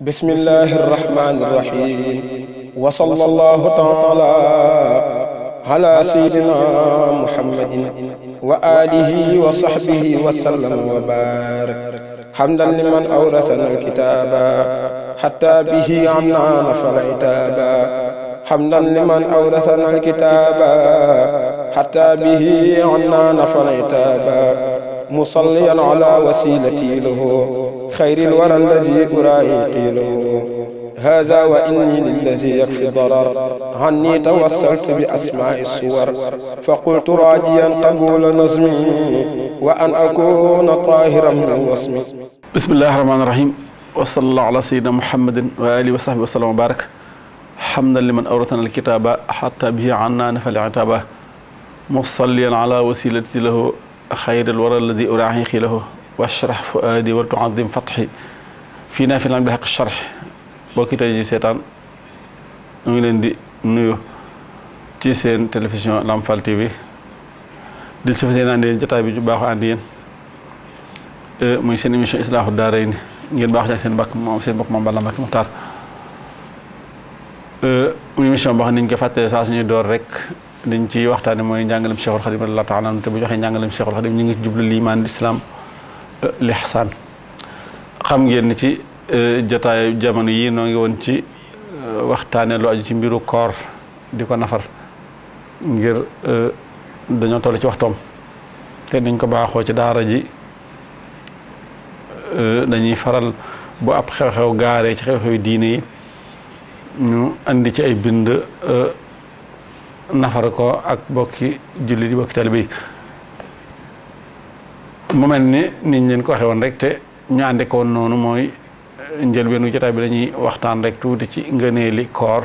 بسم الله الرحمن الرحيم وصلى الله تعالى على سيدنا محمد وآله وصحبه وسلم وبارك حمدا لمن أورثنا الكتاب حتى به عنا نفر عتابا حمدا لمن أورثنا الكتاب حتى به عنا نفر عتابا مصليا على وسيلتي له خير الورى الذي أرائي قيله هذا وإني للذي يكفي الضرر عني توسلت بأسماء الصور فقلت راجيا قبول نظمي وأن أكون طاهرا من وصمي بسم الله الرحمن الرحيم وصلى الله على سيدنا محمد وآله وصحبه وسلم وبارك حمدا لمن أورثنا الكتاب حتى به عنا نفع العتابة مصليا على وسيلة له خير الورى الذي أراهي خيله واشرح فؤادي وتعظم فتحي في نافل عن بحق الشرح بوكي تجي سيطان نغلين دي نيو تي سين تلفزيون لامفال تي في دي سفزين عندي جتاي بي باخو عندي أه، موي سين ايميشن اصلاح الدارين نين باخ سين باك مام سين باك مام بالا باك مختار ا أه، ايميشن باخ نين كفاتي سا سني دور ريك نين تي واختاني موي جانغلم شيخ الخديم الله تعالى نتي بو جوخي جانغلم شيخ الخديم نين جوبل ليمان الاسلام lixsaan xam ngeen ci eh, jotaayu jamono yi noo ngi woon ci eh, waxtaane lu aju ci mbiru koor di ko nafar ngir eh, dañoo toll ci waxtoom te niñ ko baaxoo ci daara ji dañuy faral bu ab xew-xew gaaree ci xew-xew diine yi ñu indi ci ay bind nafar ko ak bokki jullit yi bokki talibe mu mel ni niñ leen ko waxee woon rek te ñu ànde ko noonu mooy eh, njëlbeenu jotaay bi dañuy waxtaan rek tuuti ci ngëneeli koor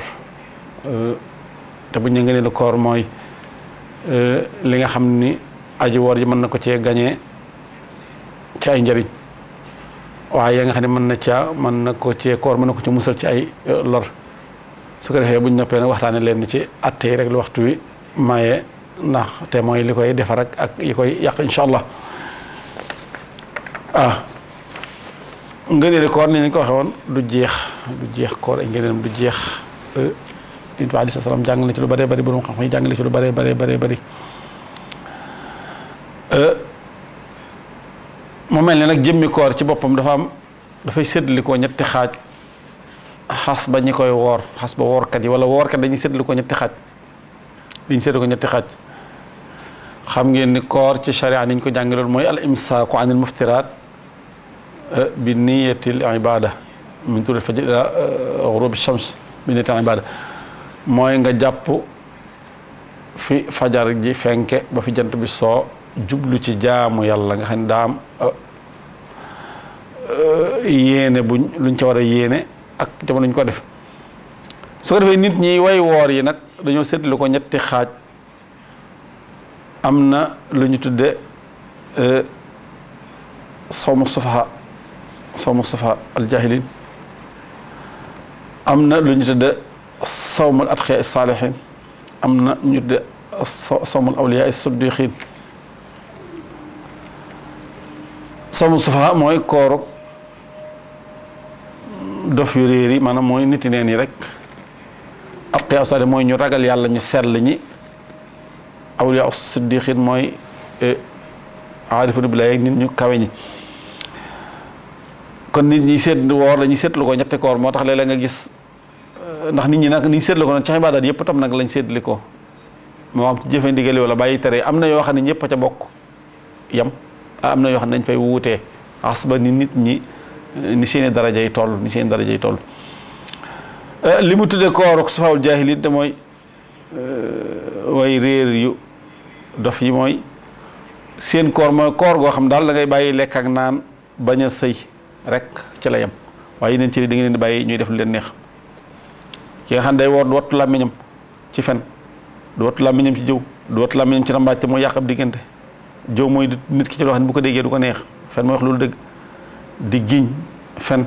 eh, te buñ ñu ngëneeli koor mooy eh, li nga xam ni aji woor ji mën na ko cee gañee ci ay njariñ waaye yaa nga xam ne mën na caa mën na ko cee koor mën na ko ci musal ci ay lor su ko defee buñ ñu noppee nag waxtaane leen ci atte rek lu waxtu wi maye ndax te mooy li koy defar ak ak yi koy yàq incha allah ah ngëneelu koor ni ko waxee woon du jeex du jeex koor ay ngëneelam du jeex nit waa alisa salaam jàng na ci lu bare bare borom xam-xam yi jàng na ci lu bare bare bare bare euh mo melni nak jëmmi koor ci bopam dafa am dafay séddli koo ñetti xaj xas ba ñi koy wor xas ba kat yi wala kat dañuy séddli ko ñetti xaj dañuy séddli ko ñetti xaj xam ngeen ni koor ci sharia ni ko jàngaloon moy al imsaaku anil muftirat Euh, bi niyatil ibada min turil fajr ila euh, mooy nga jàpp fi fajar ji fenke ba fi jant bi soo jublu ci jaamu yàlla nga xam ne daam euh, yéene buñ luñ ca war a yéene ak jamono ñu ko def su ko defee nit ñi way woor yi nag dañoo seetlu ko ñetti xaaj am na lu ñu tudde sawmu sufaha saw Moustapha aljahilin am na lu ñu tudde sawmul atqiya saalihin am na ñu tudde sawmul awliya siddiqin sawmul sufaha mooy kooru dof yu réer yi maanaam mooy nit yi neen yi rek atqiya saalihin mooy ñu ragal yàlla ñu sell ñi awliya mooy aarifuna eh, billahi nit ñu kawe kon nit ñi seet woor la ñuy seetlu ko ñetti koor moo tax léeg-léeg nga gis euh, ndax nit ñi nag ni ñu seetlu ko nag ci ibaadaat yëpp tam nag lañ seetli ko moo am bàyyi tere am na yoo xam ne ñëpp ca am na yoo xam ne dañ fay wuutee as ba ni nit ñi euh, ni seen i yi toll ni seen i daraja yi euh, li mu tuddee kooruk safawul jaahilit de mooy way réer yu dof yi mooy seen koor mooy koor goo xam daal da ngay bàyyi lekk ak naan bañ a sëy rek ci la yam waaye yeneen cëri da ngeen di baye ñuy def lu leen neex ki nga xam day wor du wattu làmmiñam ci fen du wattu làmmiñam ci jëw du wattu làmmiñam ci rambàcc mooy mo ab diggante jëw moy nit ki ci wax ni ne bu ko déggee du ko neex fen mooy wax loolu deug di giñ fen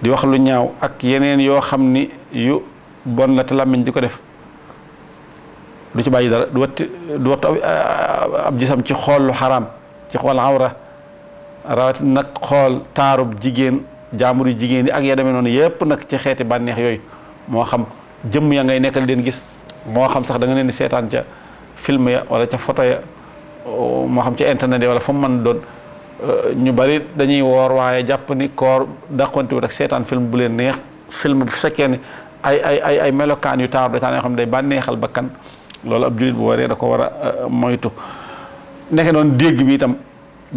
di wax lu ñaaw ak yeneen yo xamni yu bon la te làmmiñ di ko def du ci bàyyi dara du wat du wat ab jisam ci xol lu haram ci xol awra rawat nak xol tarub jigen jamuru jigen ak ya demé non yépp nak ci xéti bànneex yoy mo xam jëm ya ngay nekkal den gis mo xam sax da nga leen di seetaan film ya wala ca photo ya mo xam ci internet ya wala fu man doon ñu bari dañuy wor waye japp ni koor da xontu rek sétane film bu len neex film bu fekkee ne ay ay ay ay melokan yu tarub dataan xam day bànneexal bakkan lolu ab bu waré da ko wara euh, moytu nekk non deg bi tam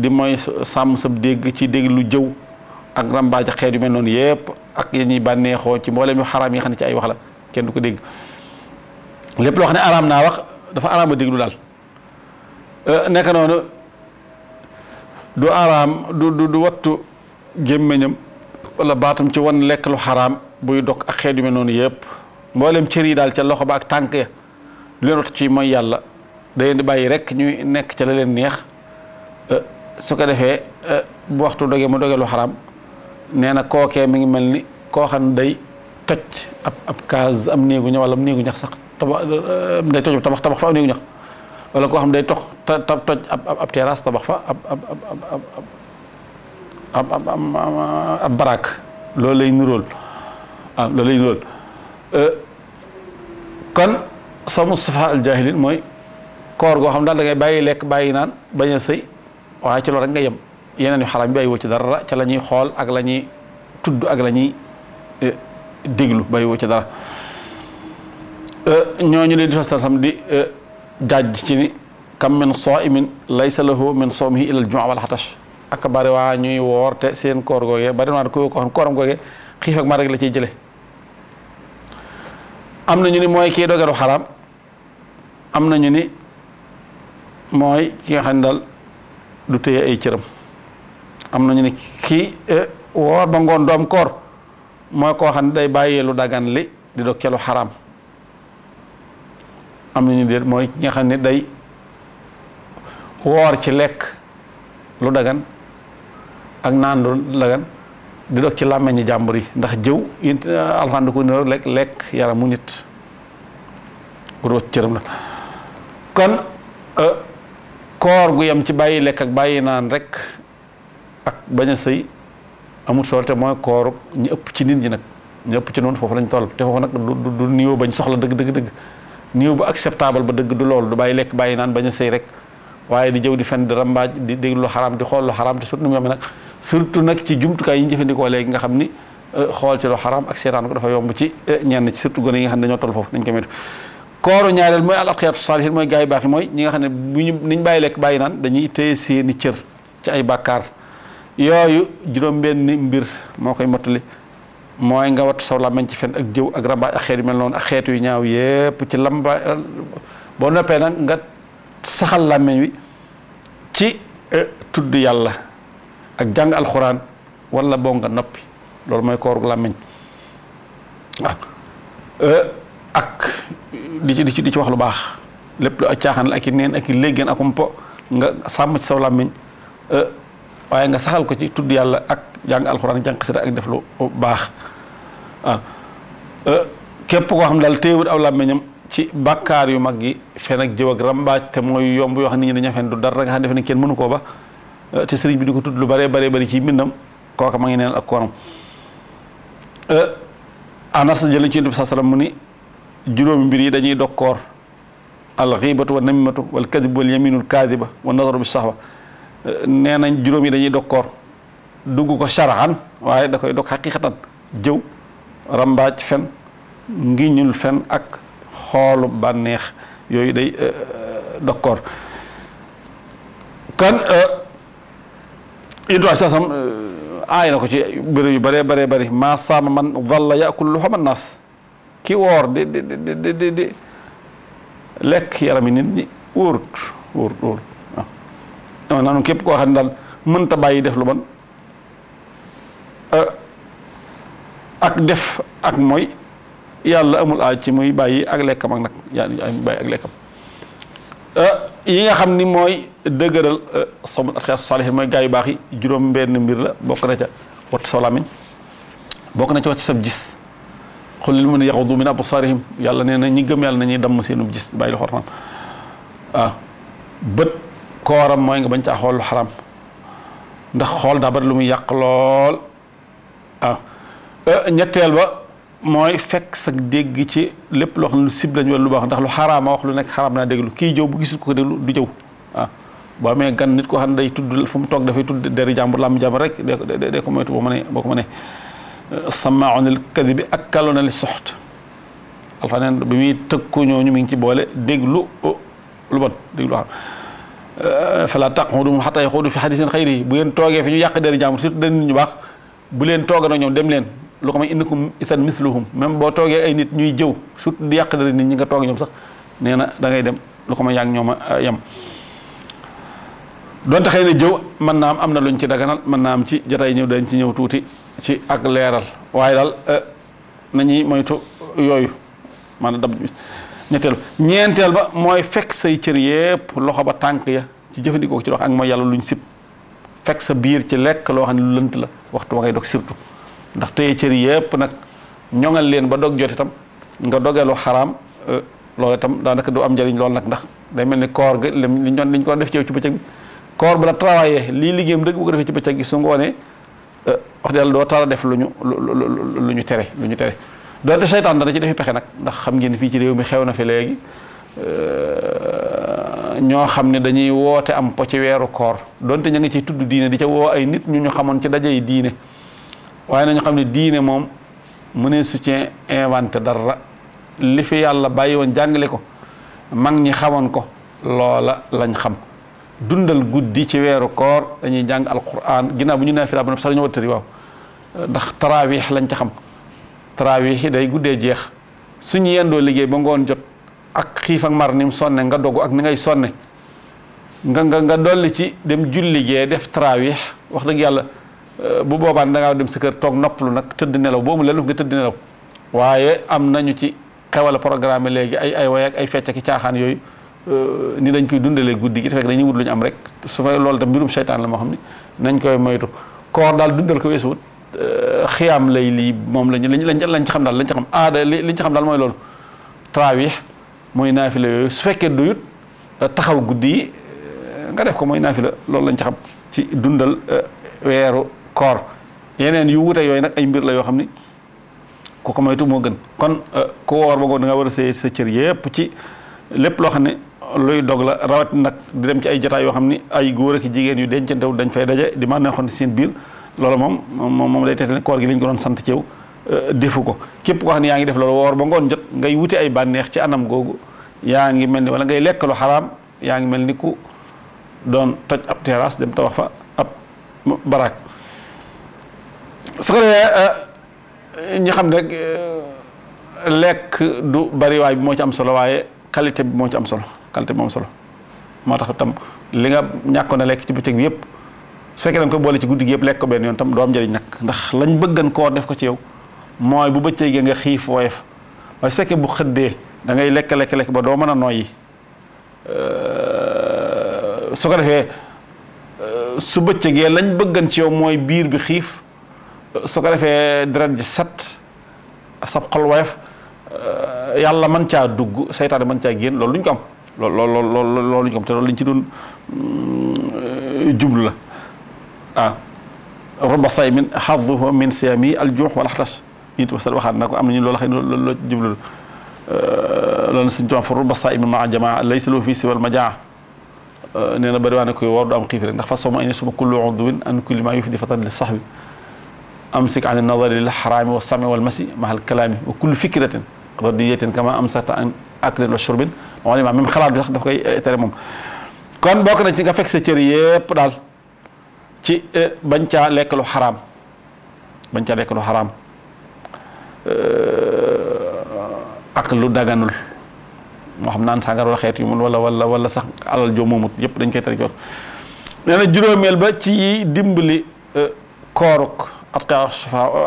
di mooy sàmm sab dégg ci dégg lu jëw ak rambaaj xeet yu mel noonu yëpp ak yéen ñuy bànneexoo ci mboolem yu xaraam yi xam ne ci ay wax kenn du ko dégg lépp loo xam ne araam naa wax dafa araam a déglu daal euh, nekk noonu du du du gémmiñam wala baatam ci wan lekk lu xaraam buy dog ak xeet mel noonu yëpp mboolem cër yi daal ca loxo ba ak tànk ya du leen wattu ci mooy yàlla da leen di bàyyi rek ñuy nekk ca la leen neex su ko defee eh, bu waxtu doge mu doge xaram nee na kookee mi ngi mel ni koo xam ne day toj ab ab kaas am néegu ñax wala néegu ñax sax tabax eh, day toj tabax tabax fa wala koo xam day tox ta toj ab ab tabax fa ab ab ab ab ab baraak loolu lay nuróol ah, loolu lay nuróol eh, kon samu safa al jaahilin mooy koor goo xam daal da ngay lekk bàyyi naan bañ a sëy waaye ci loolu rek nga yem yeneen yu xaraam yi bàyyi woo ci dara ca la ñuy xool ak la ñuy tudd ak lañuy ñuy eh, déglu bàyyi woo ci dara eh, ñooñu leen di sa sam di eh, jaaj ci ni kam min saimin laysa lahu min sawmihi illa al-jumu'a wal hatash ak bari waa ñuy woor seen koor googee bari naa ko xam kooram googee xiif ak mar rek la ciy jële am na ñu ni mooy kii dogeeru xaraam am na ñu ni mooy ki nga xam ne daal du teye ay cëram amna ñu ne ki eh, woor ba ngon dom koor moy ko xam day baye lu dagan li di do ca haram amna ñu nañu moy nga xam day wor ci lek lu dagan ak naan lu dagan di do ci lamagne jàmbur ndax jew alhamdu ko lek lek yaramu nit root cëram la kon eh, koor gu yem ci bàyyi lekk ak bàyyi naan rek ak bañ a sëy amul solo te mooy koor ñu ëpp ci nit ñi nag ñu ëpp ci noonu foofu lañ toll te foofu nag du du niveau bañ soxla dëgg dëgg dëgg niveau bu acceptable ba dëgg du loolu du bàyyi lekk bàyyi naan bañ a sëy rek waaye di jëw di fen dara rambaaj di déglu lu xaraam di xool lu xaraam te surtout ni mu yomb nag surtout nag ci jumtukaay yi ñu jëfandikoo léegi nga xam ni euh, xool ci lu xaraam ak seetaan ko dafa yomb ci euh, ñenn ci surtout gone yi nga xam ne dañoo foofu dañ ko métu kooru ñaareel mooy al aqiyatu saalihin mooy gaa yu baax yi mooy ñi nga xam ne bu ñu niñ bàyyi lekk bàyyi naan dañuy téye seeni cër ci ay bàkkaar yooyu juróom-benni mbir moo koy mottali mooy nga wat saw làmmiñ ci fen ak jëw ak mel noonu xeet yu ñaaw yépp ci lamba boo noppee nag nga saxal làmmiñ wi ci e, tudd yàlla ak jàng alxuraan wala boo nga noppi loolu mooy kooru làmmiñ waaw ah, e, di ci di ci di ci wax lu bax lepp lu caaxaan la ak neen ak i léggéen akum po nga sam ci saw euh waye nga saxal ko ci tudd yalla ak jang alcorane jang sira ak def lu bax ah euh, kep ko xam dal teewul aw làmmiñam ci bakar yu mag yi fen ak jëw ak ramba te moy yomb yo xani ni ñi fen du dara nga def ni defe mënu euh, ko ba te serigne bi diko tudd lu bare bare bare ci mbindam kooka ma ngi neen ak euh anas jeul ci yonent sallallahu saa wasallam ni juróomi mbir yi dañuy dog koor alxiibatu wa namimatu wal kadib wal yaminul kaadiba wa nadaru bi saxwa nee nañ juróom yi dañuy dog dugg ko saraxan waaye da koy dog xaqiqatan jëw rambaaj fen ngiñul fen ak xoolu bànneex yooyu day eh, eh, dog koor kan intuwaay saasam aay na ko ci bërëb yu bëree bëree bëri maa saama man dalla yakul luxama naas ki woor di di di di di lekk yarami nit ñi wóorut wóorut wóorut waaw képp koo xam ne daal mënta bàyyi def lu bon euh, ak def ak mooy yàlla amul aaj ci muy bàyyi ak lekkam ak nag yaa bàyyi ak lekkam euh, yi nga xam ni mooy dëgëral euh, som xeetu saalihin mooy gaa yu baax yi juróom benn mbir la bokk na ca wat sa làmmiñ bokk na ca wat sa gis khulil mun mën min absarihim yalla neena ñi gëm yalla nañuy dam seenu gis bayil lu ah bet kooram moy nga bañ ta xol lu xaram ndax xol da bari lu muy yaq lol ah ñettel ba moy fek sa degg ci lepp lo xam lu sib lañ wala lu bax ndax lu harama wax lu haram na degg lu ki jow bu gisul ko degg lu du jow ah boo amee gan nit ko xam ne day tudd fu mu da fay tudd deri jàmbur lam jàmbur rek de de de ko moytu bo mané bako mané الصماعون الكذب أكلون للسحت الفنان بمية تكو نيو نيو مينكي بولي ديغلو لبن ديغلو حرام أه، فلا تقعدوا حتى يخوضوا في حديث خيري بولين توغي في نيو يقي داري جامر سيرت دين نيو باخ بولين توغي نيو دم لين لوكما انكم اثن مثلهم ميم بو توغي اي نيت نيو جو سوت دي يقي داري نيو نيو نينا دا غاي دم لوكما donte xëy na jëw mën naa am am na luñ ci daganal mën naa am ci jataay ñëw dañ ci ñëw tuuti ci ak leeral waaye daal euh, nañuy moytu yooyu maanaam dab ñetteel ba ñeenteel ba mooy fekk say cër yépp loxo ba tànk ci jëfandikoo ci dox ak mooy yàlla luñ sib fekk sa biir ci lekk loo xam ne lu lënt la waxtu wa ngay dog surtout ndax tey cër yépp nag ñoŋal leen ba dog jot itam nga dogeelu xaraam euh, loolu itam daanaka du am njëriñ lool nag ndax day mel ni koor ga li ñu doon li ñu def ci yow ci bëccëg bi corps bu la travaillé lii liggéeyam dëgg bu ko defee ci bëccëg gi su ngoonee euh, wax dëgg yàlla doo tara def lu ñu lu ñu tere lu ñu tere doonte seytaan dana ci defi pexe nag ndax xam ngeen fii ci réew mi xew na fi léegi euh, ñoo xam ne dañuy woote am po ci weeru koor donte ña ngi ciy tudd diine di ca woo ay nit ñu ñu xamoon ci dajey diine waaye nañu xam ne diine moom mëne ne soutien inventé dara li fi yàlla bàyyi woon jàngale ko man ñi xamoon ko loola lañ xam dundal guddi ci wéru koor dañuy jang alquran gina bu ñu nafila ba sax ñu wotari waaw ndax tarawih lañ ci xam tarawih yi day guddee jeex suñu yendo liggéey ba ngoon jot ak xif ak mar nim sonne nga dogu ak ni ngay sonne nga nga nga dolli ci dem julli ge def tarawih wax deug yalla euh, bu boba da nga dem sa kër tok noplu nak teud nelaw bo mu lelu nga teud nelaw waye am nañu ci xewal programme léegi ay ay way ak ay fecc ak xaan yooyu Euh, ni dañ koy dundalee guddi gi fekk dañuy wut luñ am rek su fay loolu tam mbirum shaytan la mo xamni nañ koy moytu koor dal dundal ko wessu euh, xiyaam lay lii moom lañ lañ lañ ci xam dal lañ ci xam aada liñ ci xam dal moy loolu trawih moy naafila yooyu su fekkee doyut euh, taxaw guddi nga def ko moy naafila loolu lañ ci xam ci dundal weeru koor yeneen yu wute yoy nak ay mbir la yo xamni ko ko moytu mo gën kon ko wor ba nga wara sey sa cër yépp ci lepp lo xam luy dog la rawat nag du dem ci ay jataay yoo xam ni ay góor ak jigéen yu dencantew dañ fay daje di man neexoon seen biir loolu moom moom moom day teetale koor gi lañ ko doon sant ci euh, defu ko képp koo xam ne yaa ngi def loolu woor ba ngoon jot ngay wuti ay bànneex ci anam googu yaa ngi mel ni wala ngay lekk yaa ngi mel ni ku doon toj ab terrasse dem tabax fa ab baraak su ko defee euh, euh, lekk du bari waay bi moo ci am solo waaye qualité bi moo ci am solo qualité mom solo motax tam li nga ñàkkoon na lek ci bëccëg yépp su fekkee da ko bolé ci guddi yépp lek ko ben yon tam do am jëri ñak ndax lañ bëggën ko def ko ci yow moy bu bëccëgee nga xif woyef ba su fekkee bu xëddé da ngay lek lek lek ba do mëna noy euh su ko defé su bëccé bëccëgee lañ bëggën ci yow moy biir bi xif su ko defé dara ji sat sab xol woyef yalla man ca dugg setan man ca génn lolou luñ ko am loolu loolu loolu ñu ko te loolu lañ ci doon jublu la waaw roba say min xaduhu min siami aljuux wala xatas ñu tuba sal waxaat na ko am nañu loolu xëy loolu la jublu la loolu suñ tubaab fa roba say min maa jamaa laysa lahu fii siwal majaa nee na bëri waa ne koy woor du am xiif rek ndax fa sawma ini suma kullu udwin an kulli ma yufdi fatan li saxbi amsik an nadari lil xaraami wa sami wal masi mahal kalaami wa kullu fikratin radiyatin kama amsakta an aklin wa shurbin wala imaam même xalaat bi sax daf koy eh, téré mom kon bok na ci nga fek sa cër yépp dal ci eh, bañ ca lek lu haram bañ ca lek lu euh ak lu daganul mo xam naan sangar wala xeet yu mun wala wala wala sax alal joo momut yépp dañ koy téré jot nee juromel ba ci dimbali eh, koruk atqa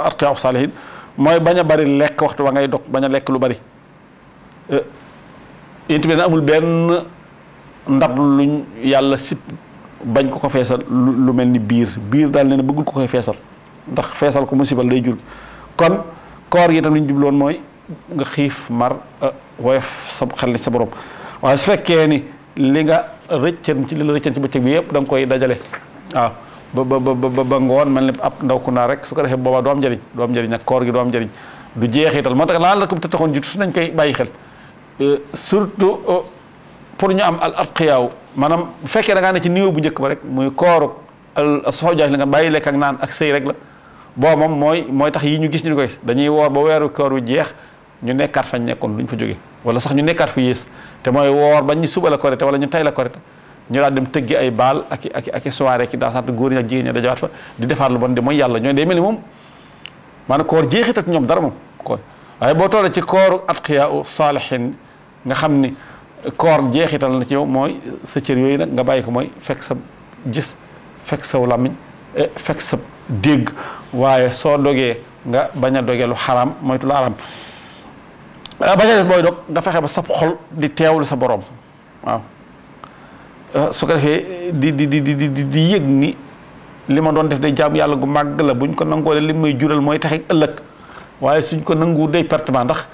atqaa saalihin mooy bañ bari lek waxtu ba ngay dok baña lek lu bari yonent bi amul benn luñ yàlla sib ko ko feesal lu mel ni biir biir daal nee na koy feesal ndax feesal ko musibal day jur kon koor yi itam li jubloon mooy nga xiif mar euh, woyof sa xel ni sa borom waaye su fekkee ni li nga rëccën ci li la rëccën ci bëccëg bi yëpp da nga koy dajale waaw ba ba ba ba ngoon mel ni ab ku ko defee boobaa doo am njëriñ doo am njëriñ nag koor gi doo am njëriñ du jeexital moo tax laan la ko te taxoon jiitu su nañ koy bàyyi xel Euh, surtout euh, pour ñu am al atqiyaaw maanaam bu fekkee da ngaa ne ci niveau bu njëkk ba rek muy kooru al soxojaay la nga bàyyi lekk ak naan ak sëy rek la boo moom mooy mooy tax yi ñu gis ñu koy dañuy woor ba weeru koor wi jeex ñu nekkaat fañ nekkoon duñ fa jóge wala sax ñu nekkaat fu yées te mooy woor bañ ñu suba la korite wala ñu tay la korite ñu daal dem tëggi ay baal ak i ak i ak i soirée ki daasaat góor ñi ak jigéen ñi dajawaat fa di defaat lu bon di mooy yàlla ñooy day mel ni moom maanaam koor jeexitat ñoom dara moom koor waaye boo toolee ci kooru atqiyaa saalihin nga xam ni koor jeexital na ci yow mooy sa cër yooyu nag nga bàyyi ko mooy fekk sa gis fekk saw làmmiñ eh, fekk sa dégg waaye soo dogee nga bañ a dogee lu xaraam moytu ah, booy dog nga fexe ba sab xol di teewlu sa borom waaw ah, su ko defee di di di di di yëg ni li ma doon def day jaamu yàlla gu màgg la buñ ko nangoolee li may jural mooy tax ëllëg waaye suñ ko nanguwul day pertement ndax.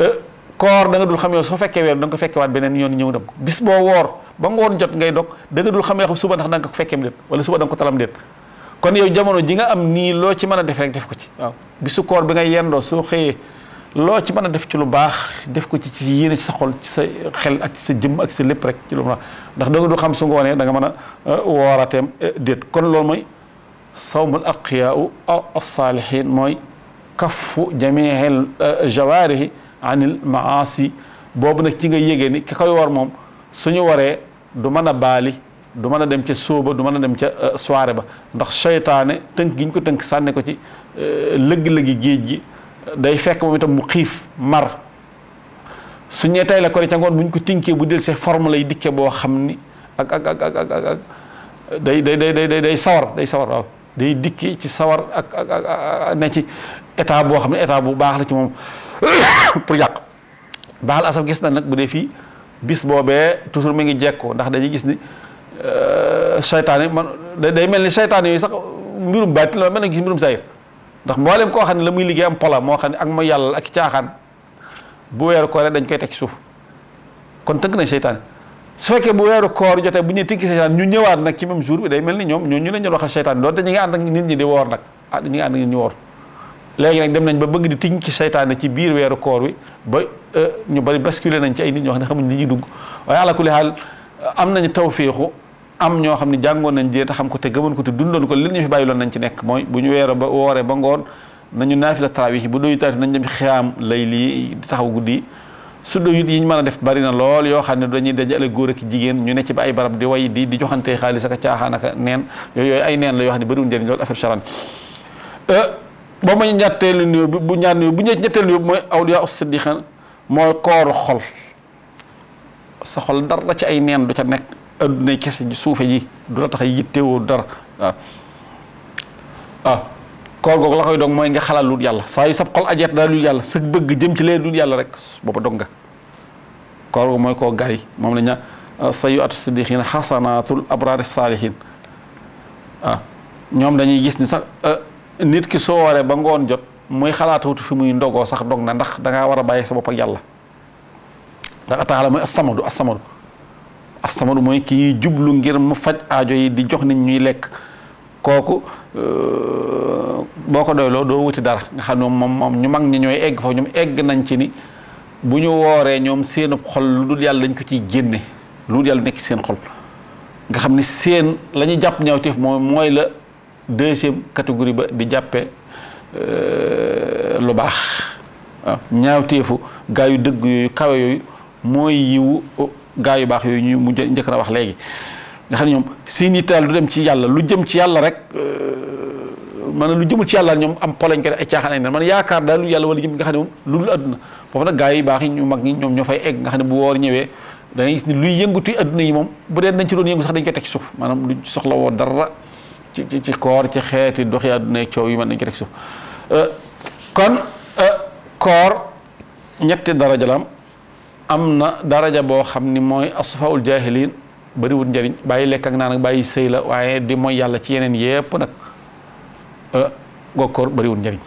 Eh, koor da nga dul xam yow soo fekkee weer da nga ko fekkewaat beneen yoon ñëw dem bis boo woor ba ngoon jot ngay dog da nga dul xam yow suba ndax da nga ko fekkeem déet wala suba da nga ko talam jamono ji nga am nii loo ci mën a def def ko ci waaw bisu koor bi nga yendoo soo xëyee loo ci mën a def ci lu baax def ko ci ci yéene ci ci sa xel ak sa jëmm ak sa lépp rek ci lu baax ndax da du xam su ngoonee da nga mën a euh, woorateem euh, déet kon loolu mooy sawmul aqiyaau aw assaalihin mooy kafu jamiil euh, jawaarihi anil maasi boobu nag ci nga yége ni ki koy war moom suñu waree du mën a baali du mën a dem ca sóoba du mën a dem ca euh, soire ba ndax seytaane tënk gi ñu ko tënk sànni ko ci euh, lëgg-lëggi géej gi day fekk moom itam mu xiif mar suñee tay la ko ca ngoon bu ñu ko tinkee bu del see forme lay dikke boo xam ni ak ak ak ak day day day day day sawar day sawar waaw day dikkee ci sawar ak ak ak ne ci état boo xam ne état bu baax la ci moom pour yak baaxal asaf gis na nak bu dee bis bobé toujours mi ngi jekko ndax dañuy gis ni euh shaytané man day melni shaytané yi sax mbirum bàtti la mel gis mbirum sayir ndax mbolem ko xamni lamuy liggé am pola mo xamni ak ma yalla ak tiaxan bu ko rek dañ koy tek ci suuf kon teug na shaytané su fekkee bu wéru koor jotté bu ñu tikki seytaane ñu ñëwaat nak ci même jour bi day melni ñom ñoo ñu lañu doon waxal seytaane doonte ñu nga and ak nit ñi di wor nak ah ñu ngi ànd ñu wor léegi nag dem nañ ba bëgg di tiñ ci seytaane ci biir weeru koor wi ba euh, ñu bari basculé nañ ci ay nit ñoo xam ne xamuñ li ñuy dugg waaye ala kulli xaal am nañu tawféexu am ñoo xam ne jàngoon nañ jee te xam ko te gëmoon ko te dundoon ko li ñu fi nañ ci nekk mooy bu ñu weeroo ba wooree ba ngoon nañu naafila tarawih bu doyu tarawih nañ dem xiyaam lay lii di taxaw guddi yi su doyut yi ñu mën a def bari na lool yoo xam ne dañuy dajale góor ak jigéen ñu ne ci ba ay barab di way di di joxantee xaalisa ak a caaxaan ak neen yooyu ay neen la yoo xam ne bëriwul njëriñ loolu affaire charan euh, ba ma ñetteelu nuyoo bu ñaan nuyoo bu ñetteelu nuyoo moy mooy awliya siddiqan moy koor xol sa xol dara ci ay neen du ca nek aduna kese ci soufey ji du la tax yitte yittewoo dar ah koor gog la koy dog moy nga xalal lu yalla sa yu sab xol ajet da lu yalla sa bëgg jëm ci lee lu yalla rek booba dog nga koor googu mooy koo gari la ñaa uh, sayyatu atu siddiqin xasanatul salihin waaw dañuy gis ni sax uh, nit ki so waré ba ngon jot muy xalaatawutu fi muy ndogo sax dog na ndax da nga wara baye sa bop ak muy as-samadu as-samadu as-samadu mooy ki jublu ngir mu faj aajo yi di jox nit ñuy lek koku euh, boko doylo do wuti dara nga xam ne mom ñu mag ñi ñoy egg fa ñoom egg nañ ci ni bu ñu wooree ñoom seen xol lu dul yàlla dañ ko ci genné lu dul yàlla nekk seen xol nga xamni seen lañu japp ñawtef moy moy la deuxième catégorie ba di jàppe euh, lu baax waaw ñaawteefu gaa yu dëgg yooyu kawe yooyu mooy yiwu oh, gaa yu baax yooyu ñu mu njëkk a wax léegi nga xam ne ñoom seeni taal du dem ci yàlla lu jëm ci yàlla rek euh, man lu jëmul ci yàlla ñoom am polañ ko ay caaxaan ay nen xam ne baax yi ñu mag ñi ñoom ñoo fay egg nga xam bu woor ñëwee da ngay gis ni luy yëngatu àdduna yi moom bu dee nañ ci doon yëngu sax dañ koy teg ci suuf maanaam luñ soxla woo dara ci ci ci koor ci xeeti doxi àdduna coow yi mën nañ ko rek suuf euh, kon euh, koor ñetti daraja lam am na daraja boo xam ni mooy asfaul jahilin bariwul njëriñ bàyyi lekk ak naan bàyyi sëy la waaye di mooy yàlla ci yeneen yépp nag euh, gokkoor bariwul njëriñ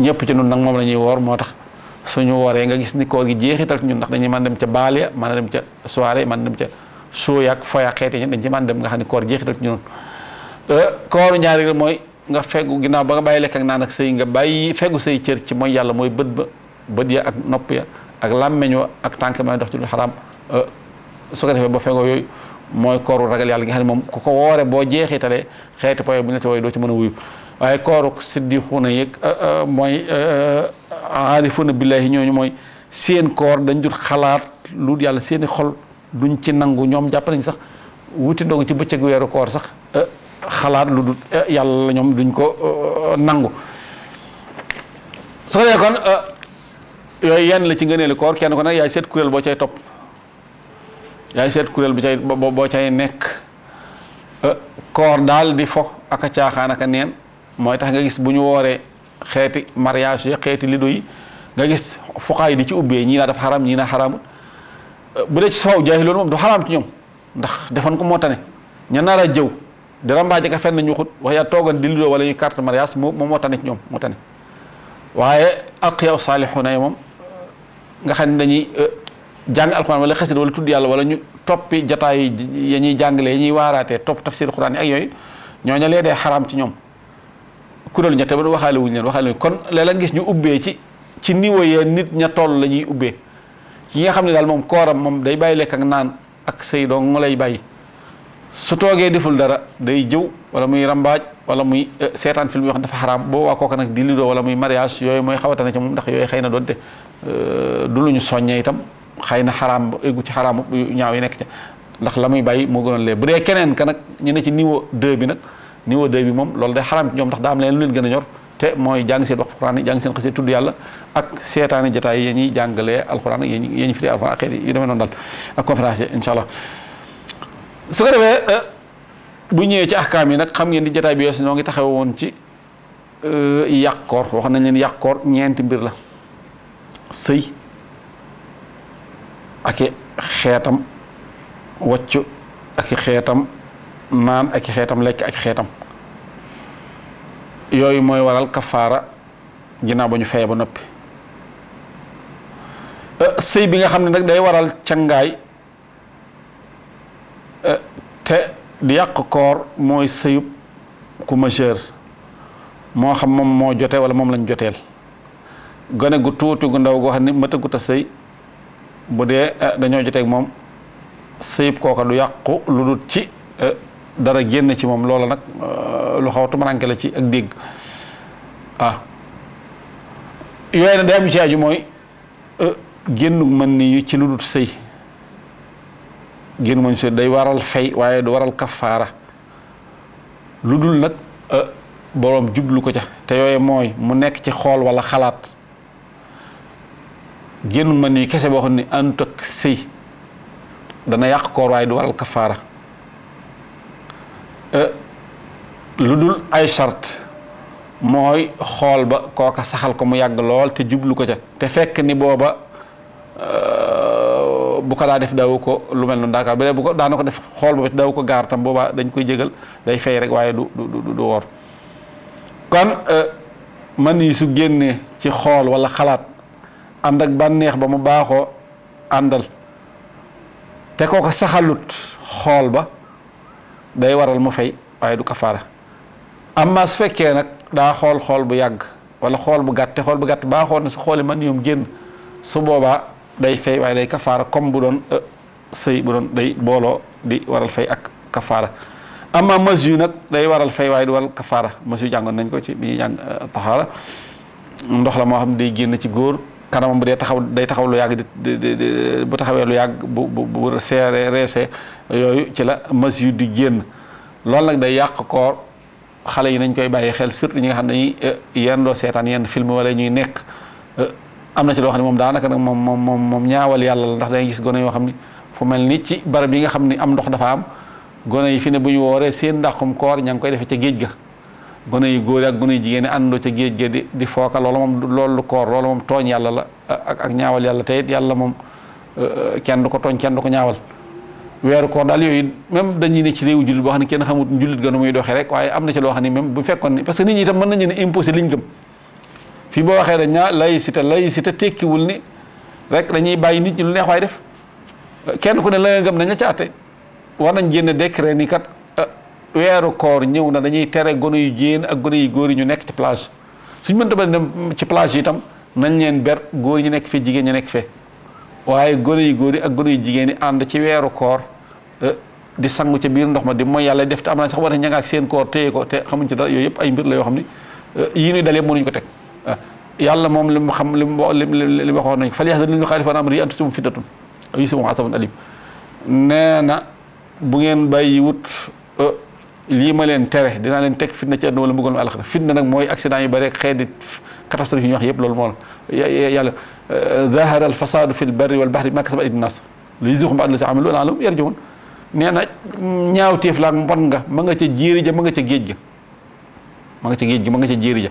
ñëpp ci nun nag moom la ñuy woor moo tax suñu wooree nga gis ni koor gi jeexital ci ñun ndax dañuy mën dem ca baal ya a dem ca soirée mën dem ca suuyaak foya xeeti ñi dañ ci man dem nga xam ne koor jeexital ci ñun euh, kooru ñaari mooy nga fegu ginnaaw ba nga bàyyi lekk ak naan ak sëy nga bàyyi fegu say cër ci mooy yàlla mooy bët ba bët ya ak nopp ak làmmeñ wa ak tànk may dox ci lu xaraam euh, su ko defee ba fegoo yooyu mooy kooru ragal yàlla nga xam ne moom ku ko woore boo jeexitalee xeeti poye bu ñu la ci doo ci mën a wuyu waaye kooru siddiquuna yëg euh, mooy aarifuuna billaahi ñooñu mooy seen koor dañ dut xalaat lu yàlla seeni xol duñ ci nangu ñoom jàpp nañ sax wuti ndogu ci bëccëg weeru koor sax eh, xalaat lu du eh, yàlla ñoom duñ ko eh, nangu soo ko dee kon yooyu yenn la ci ngëneelu koor kenn ko nag yaay seet kuréel boo cay topp yaay seet kuréel bu cay boo cay nekk koor daal di fo ak a caaxaan ak neen mooy tax nga gis bu ñu wooree xeeti mariage yi xeeti lido yi nga gis fuqaay di ci ubbee ñii naa def xaram ñii naa xaramul bu dee ci safaw jaahiloon moom du xaraam ci ñoom ndax defoon ko moo tane ña nar a jëw mbaa rambaaje ka fenn ñu xut wax yaa toogan di lidoo wala ñu carte mariage moom moo tane ci ñoom moo tane waaye alqiyaa saalixuuna yi moom nga xam ne dañuy euh, jàng alquran wala xasida wala tudd yàlla wala ñu toppi jataay ya ñuy jàngale ya ñuy waaraatee topp tafsir quran yi ak yooyu ñooña lee dee xaraam ci ñoom kuréel ña tamit waxaale wuñu leen waxaale wuñ kon léeg-léeg ñu ubbee ci ci niveau yee nit ña toll la ñuy ubbee ki nga xam ne daal moom kooram moom day bàyyi lekk naan ak say doo nga lay bàyyi su toogee deful dara day jëw wala muy rambaaj wala muy eh, seetaan film yoo xam dafa xaraam boo waa kooka nag di lido wala muy mariage yooyu mooy xawatana ci moom ndax yooyu xëy na doonte eh, du lu ñu soññee itam xëy na xaraam ba eggu ci xaraamu ñaaw yi nekk ca ndax la muy bàyyi moo gënoon lee bu dee keneen ka nag ñu ne ci niveau 2 bi nag niveau 2 bi moom loolu day xaraam ci ñoom ndax daa am leen lu leen gën a ñor te mooy jàng seen wax alxuraan jàng seen xasee tudd yàlla ak seetaane jotaay yi ñuy jàngalee alxuraan ak yéen ñuy firi alxuraan ak xeet yu demee noonu daal ak conférence yi incha allah su ko defee euh, bu ñëwee ci ahkaam yi nag xam ngeen di jotaay bi yooyu noo ngi taxaw woon ci euh, yàq wax nañ leen yàq koor ñeenti mbir la sëy ak i xeetam wàccu ak i xeetam naan ak i xeetam lekk ak xeetam. yooyu mooy waral kafaara ginnaaw ba ñu fayee ba noppi euh, sëy bi nga xam ne nag day waral cangaay euh, te di yàq koor mooy sëyub ku majeur moo xam moom moo jote wala moom lañ joteel gone gu tuuti gu ndaw goo xam ne mëtagut a sëy bu dee euh, dañoo joteeg moom sëyub kooka du yàqu lu dul ci dara génn ci moom loola nag euh, lu xaw a tumaranke la ci ak dégg ah yooyu nag ci aju mooy euh, génnu mën ni ci lu dul sëy génn mën sëy day waral fay waaye du waral kafaara lu dul nag euh, boroom jublu ko ca te yooyu mooy mu nekk ci xool walla xalaat génn mën ni kese boo xam ne ànd ak sëy dana yàq koor waaye du waral kafaara lu dul ay charte mooy xool ba kooka saxal ko mu yàgg lool te jublu ko ca te fekk ni booba euh, bu ko daa def daawu ko lu mel noonu daakaar bu dee bu ko daana ko def xool ba daawu ko gaar tam boobaa dañ koy jégal day fay rek waaye du du woor kon euh, man yi su génnee ci xool wala xalaat ànd ak bànneex ba mu baaxoo àndal te kooka saxalut xool ba day waral mu fay waaye du kafaara amma su fekkee nag daa xool xool bu yàgg wala xool bu gàtt te xool bu gàtt baaxoon na su xooli man yom génn su boobaa day fay waaye day kafaara comme bu doon euh, sëy bu doon day booloo di waral fay ak kafaara amma mas yu nag day waral fay waaye du waral kafaara mas jàngoon nañ ko ci bi ñuy jàng euh, taxaara ndox la moo xam day génn ci góor kanamam bu dee taxaw day taxaw lu yàgg di bu taxawee lu yàgg bu bu bu reesee yooyu ci la mas yu di génn loolu nag day yàq koor xale yi nañ koy bàyyi xel surtout ñi nga xam ne dañuy euh, yendoo seetaan yenn film wala ñuy nekk euh, am na ci loo xam ne moom daanaka nag moom moom moom moom ñaawal yàlla la ndax dangay gis gone yoo xam ni fu mel ni ci barab yi nga xam ni am ndox dafa am gone yi fi ne bu ñu wooree seen ndàqum koor ña ngi koy defee ca géej ga gone yu góor ak gone yu jigéen ñi àndandoo ca géej ga di di fooka loolu moom loolu koor loolu moom tooñ yàlla la ak ñaawal yàlla te it yàlla moom euh, kenn du ko tooñ kenn du ko ñaawal weeru koor daal yooyu même dañuy ne ci réewu jullit boo xam ne kenn xamut jullit gënu muy doxee rek waaye am na ci loo xam ne même bu fekkoon ne parce que nit ñi itam mën nañu ne imposé liñ gëm fii boo waxee rek dañuy bàyyi nit ñi lu def kenn ku ne la nga nañ la ca war nañ génne décret ni kat ah, weeru koor ñëw na dañuy tere gone yu jigéen ak gone yu yi ñu nekk ci plage suñ mënta ba dem ci plage yi itam nañ leen ber góor ñu nekk fee jigéen ñu nekk fee waaye gone yu góor yi ak gone yu jigéen yi ànd ci weeru koor Eh, di sangu ca biir ndox ma di mooy yàlla def te am naa sax war a ña nga ak seen ko te xamuñ ci dara yooyu yëpp ay mbir la yoo xam ne eh, yii nuy dalee mënuñu ko teg ah, yàlla moom li mu xam li mu li waxoon nañ ko fal yaxdar li ñu xaalifan amri an tusibum fitnatun aw na bu ngeen bàyyi wut eh, lii ma leen tere dina leen teg fitna ci àdduna wala mbugal ma àlaxira fitna nag mooy accident yu bare xeeti catastrophe yi ñu wax yëpp loolu moo la yàlla zahara al fasadu fi l barri wal bahri ma kasabat aydi nas li yuziqum ba'da allazi amilu la'allahum yarji'un neena ñaawteef ñaaw téef nga ma nga ca jiiri ja ma nga ca géej ga ma nga ca géej ga ma nga ca jiiri ja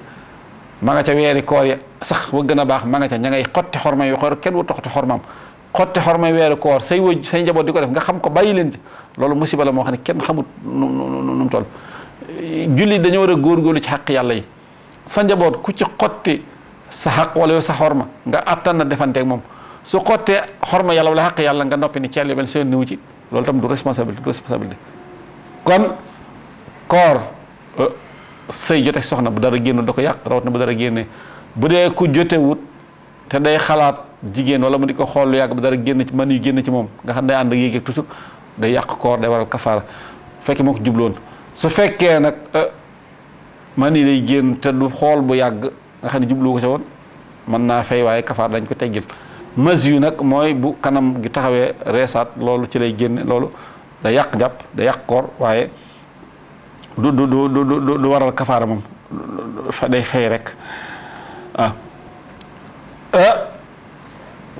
ma nga ca weeri koor ya sax wa gën a baax ma nga ca ña ngay xotti xormay yu koor kenn wu toxti xotti xormay weeru koor say wëj say njaboot di ko def nga xam ko bàyyi leen ci loolu musiba la moo xam ne kenn xamut nu nu mu toll julli dañoo war a góorgóorlu ci xaq yàlla yi sa njaboot ku ci xotti sa xaq wala sa xorma nga attan na defanteeg moom su xottee xorma yàlla wala xaq yàlla nga noppi ni ceel yu benn seen niwu ci lolou tam du responsabilité du responsabilité kon kor eh, sey jotté soxna bu dara génn da yak rawat na bu dara génné bu dee ku wut té day xalaat jigen wala mu diko xol xool lu yàgg bu dara génn ci man yu génn ci mom nga xam day and ak yéeg ak toujours day yak kor day waral kafar fekkee moko djublon su fekké nak man lay day génn te du xol bu yag nga xam ne ko ci won man na fay waye kafar dañ ko teggil mas yu nag mooy bu kanam gi taxawee reesaat loolu ci lay génne loolu da yàq jàpp da yàq koor waaye du du du du du waral kafaara moom day fay rek waaw ah. eh,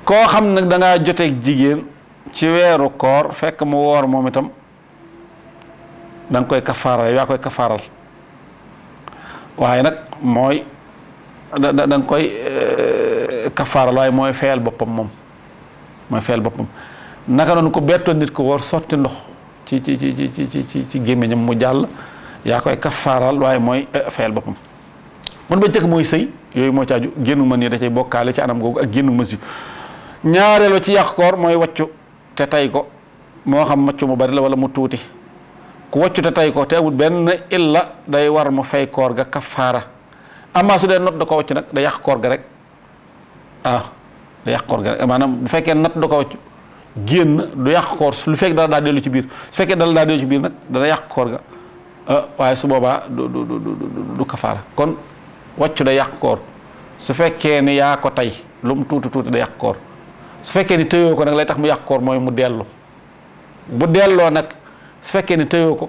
koo xam nag danga ngaa jigéen ci weeru koor fekk mu woor moom itam da koy kafaaral yaa koy kafaaral waaye nag mooy da koy eh, kafaara la waaye mooy fayal boppam moom mooy fayal boppam naka noonu ko bettoon nit ko war sotti ndox ci ci ci ci ci ci ci gémmiñam mu jàll yaa koy kafaaral waaye mooy eh, fayal boppam mun ba njëkk mooy sëy yooyu moo caaju génnu ma nii da cay bokkaale ci anam googu ak génnu ma si ñaareelu ci yàq koor mooy waccu te tay ko moo xam maccu mu bari la wala mu tuuti ku waccu te tay te amul benn illa day war mu fay koor ga kafaara amaa su dee not da ko waccu nag da yàq koor ga ah du yàq koor ga maanaam bu fekkee natt da ko génn du yàq koor lu fekk dara daa dellu ci biir su fekkee dara daa dellu dana yàq koor ga ah, waaye su boobaa du du du du kafaara kon wàccu day yàq koor su fekkee ni yaa ko tey lu mu tuuti tuuti da yàq koor su fekkee ni tëyoo ko nag lay tax mu yàq koor mooy mu dellu bu delloo nag su fekkee ni tëyoo ko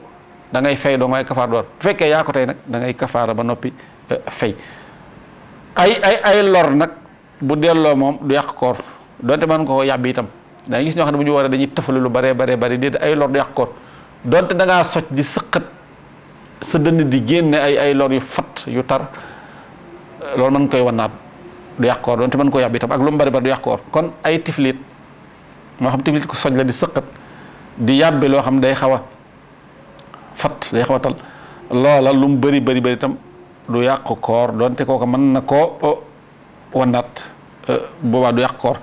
da ngay fay doo ngay kafaar bu fekkee yaa ko tey nag da ngay kafaara ba noppi eh, fay ay ay ay lor nag. bu delo mom du yak koor donte man ko yabbi itam da gis ñoo xam ne bu ñu war dañuy teufal lu bare bare bare di ay lor du yak koor donte da nga socc di sekkat sa dënd di génne ay ay lor yu fat yu tar lool man koy wannaat du yak koor donte man ko yabbi itam ak lu bare bare du yak koor kon ay tiflit mo xam tiflit ko socc la di sekkat di yabbi lo xam day xawa fat day xaw tal loola lu bari bari bari itam du yak koor donte koko man na wannaat euh, boobaa du yàq koor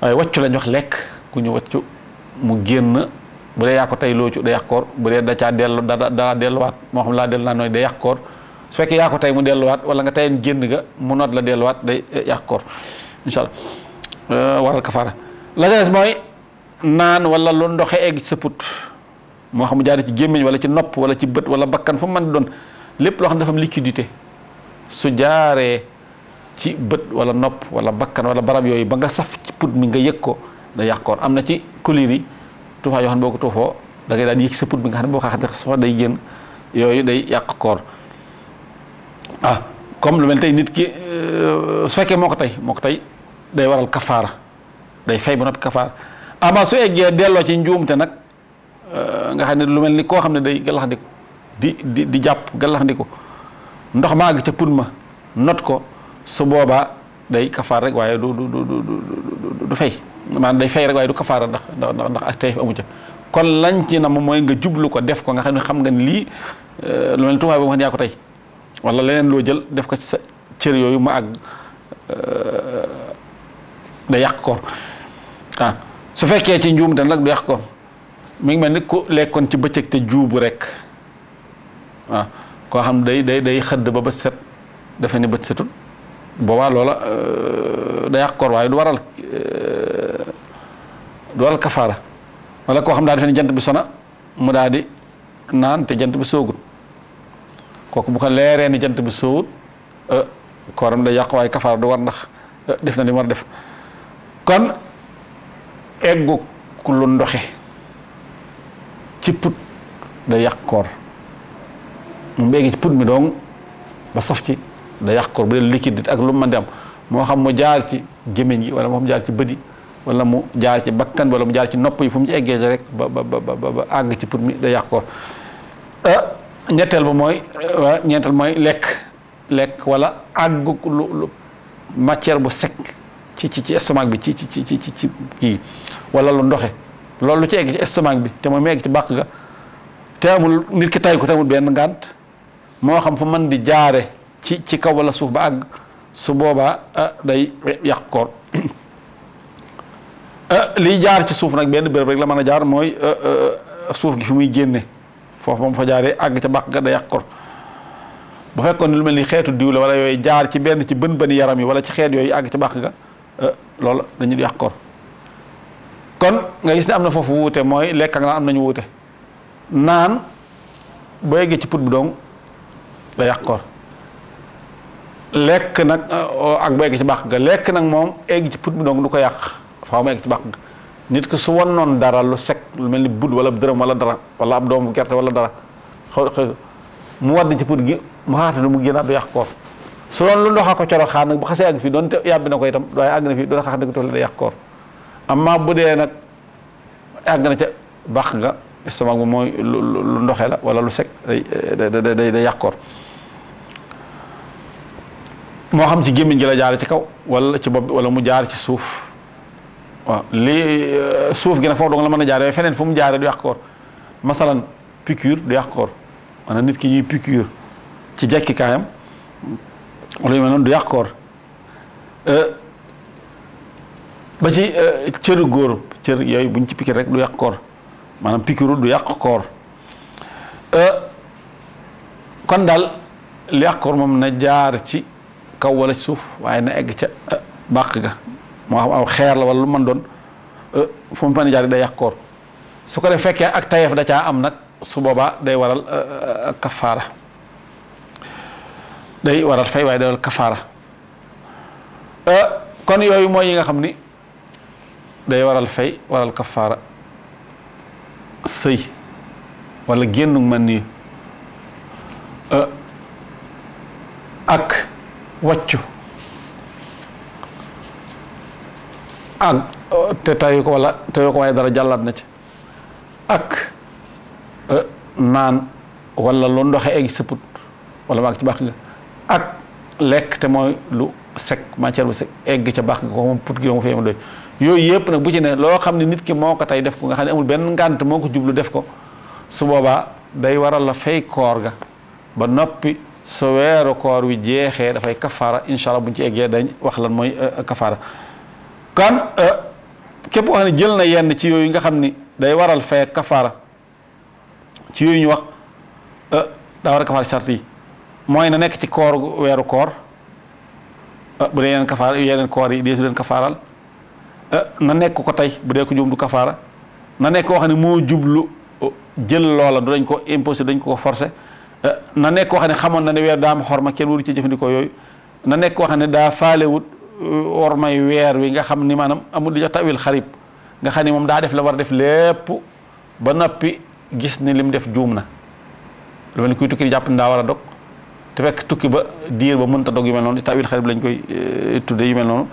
waaye wàccu lañ wax lekk ku ñu wàccu mu génn bu dee yaa ko tey loocu day yàq koor bu dee da caa dellu da daa delluwaat moo xam laa dellu naa nooy day ko tey mu delluwaat wala nga tayeen génn mu noot la delluwaat day eh, yàq koor incha allah euh, waral kafaara la des mooy naan wala lu ndoxe egg sa put moo xam mu jaare ci gémmiñ wala ci nopp wala ci bët wala bakkan fu mu doon lépp loo xam ne dafa liquidité su jaaree ci beut wala nop wala bakkan wala barab yoy ba nga saf ci put mi nga yek ko da yakkor am na ci kuliri yi tuufaa yo xam boko boo da ngay daal yek sa put bi nga xam ne boo so day gen yoy day yakkor ah comme lu mel tay nit ki euh, su fekke moko tay moko tay day waral kafara day fay bu nop kafara ama ah, su lo delo ci njuumte nak euh, nga xam lu mel ni koo day gallaxndiku di di di jàpp gallaxndiku ndox ma gi ca put ma not ko su boobaa day kafaar rek waaye du du du du du fay maanaam day fay rek waaye du kafaara ndax ndax ndax ak tayef amu ca kon lañ ci na ma mooy nga jublu ko def ko nga xam ne xam nga ni lii euh, lu mel tubaab bi ma xam ne ko tey wala leneen loo jël def ko ci sa cër yooyu ma ak da yàq koor ah, su fekkee ci njuumte nag du yàq koor ngi mel ni ku lekkoon ci bëccëg te juubu rek waaw ah, koo xam day day day xëdd ba bët set dafa ni bët setul boba lola eh, da yàq koor waaye du waral eh, du waral kafara wala ko xam daa defe jant bi sona mu daa di te jant bi soogut koku bu ko lere ni jant bi soowut eh, kooram da yak way kafara du war ndax def na ni war def kon eggu lu ndoxe ci put da yak kor mu ci put mi dong ba saf da yàqur bu dee liquide ak lu mu mën am moo xam mu jaar ci gémmiñ gi wala moo xam jaar ci bëdi wala mu jaar ci bakkan wala mu jaar ci nopp yi fu mu ci rek ba àgg ci pour mi da yàqur euh, ñetteel ba mooy euh, ñeenteel mooy lekk lekk wala àggu lu matière bu sec ci ci ci estomac bi ci ci ci ci ci ci kii wala lu ndoxe loolu lu ci egg ci bi te mooy mu ci bàq ga te amul nit ki tay ko te amul benn ngant moo xam fu mën di jaare ci ci kaw walla suuf ba àgg su boobaa ah, day yàq koor ah, liy jaar ci suuf nag benn bërëb rek la mën a jaar mooy ah, suuf gi fi muy génne foofu moom fa jaaree àgg ca bàq ga day yàq koor bu fekkoon lu mel ni xeetu diw la wala yooyu jaar ci benn ci bën bëni yaram yi wala ci xeet yooyu àgg ca bàq ga lool dañuy yàq koor kon nga gis ni am na foofu wuute mooy lekk ak naan am nañu wuute naan boo yeggee ci put bu dong day yàq lekk nag uh, ak bu egg ci bàq ga lekk nag moom egg ci put bi donc du ko yàq faaw mu egg ci bàq ga nit ki su wannoon dara lu sec lu mel ni bud wala dërëm wala dara wala ab doomu gerte wala dara xaw xaw ci put gi mu xaata du mu génnaat du yàq koor lu ndoxa ko coroxaan nag bu xasee àgg fii doonte yàbbi na ko itam waaye àgg na fii doon xax dëgg tool day bu dee nag àgg na ca bàq ga istimaag bi mooy lu ndoxe la wala lu sec day day day yàq koor mo xam ci gémmiñ gi la jaar ci kaw wala ci bob wala mu jaar ci suuf wa li euh, suuf gi na foofu do nga mëna jaar yooyu fu mu jaar du yakkor masalan piqûre du yakkor koor maanaam nit ki ñuy piqûre ci jekki kayam wala yu mel du yakkor koor euh, ba ci euh, cëru goor cër yoy buñ ci piqûre rek du yakkor koor piqûre du yakkor koor kon dal li yakkor koor na jaar ci kaw wala ci suuf waaye na egg ca eh, bàq ga moo xam aw xeer la wala lu mën doon eh, fu mu mën jaar day yàq koor su ko def fekkee ak tayef da caa am nag su boobaa day waral eh, kafaara day waral fay waaye waral kafaara kon yooyu mooy yi nga xam ni day waral fay waral kafaara sëy wala génnug man nii ak wàccu ak ah, te tayu ko wala tayu waaye dara jàllaat na ci ak eh, naan wala lu ndoxe egg sëpput wala baag ci baax nga ak lekk te mooy lu sec matière bu sec egg ca baax nga ko moom put gi mu fee ma doy yooyu yëpp nag bu ci ne loo xam ne nit ki moo ko tey def ko nga xam ne amul benn ngànt moo ko jublu def ko su boobaa day waral la fay koor ga ba noppi so wéro koor wi jéxé da fay kafara inshallah buñ ci éggé dañ wax lan euh, euh, kafara kan euh képp wax ni jël na yenn ci yoyu nga xamni day waral fay kafara ci yoyu ñu wax euh, da war kafara kafaara moy na nek ci koor wéro koor bu leen kafara yu yenen koor yi deetu leen euh na nek ko tay bu dé ko joom du kafara na nek ko xamni mo jublu jël loola du dañ ko imposer dañ ko forcer Eh, na nekk koo xam ne xamoon na ne weer daa am xorma kenn waru ci jëfandikoo yooyu na nekk koo xam ne daa faalewut eh, may weer wi nga xam ni maanaam amul li jox tawil xarib nga xam ne moom daa def la war def lépp ba noppi gis ni lim def juum na lu mel tukki jàpp ni daa a dog te fekk tukki ba diir ba mënta dog yi mel noonu tawil xarib lañ koy eh, tudd yu mel noonu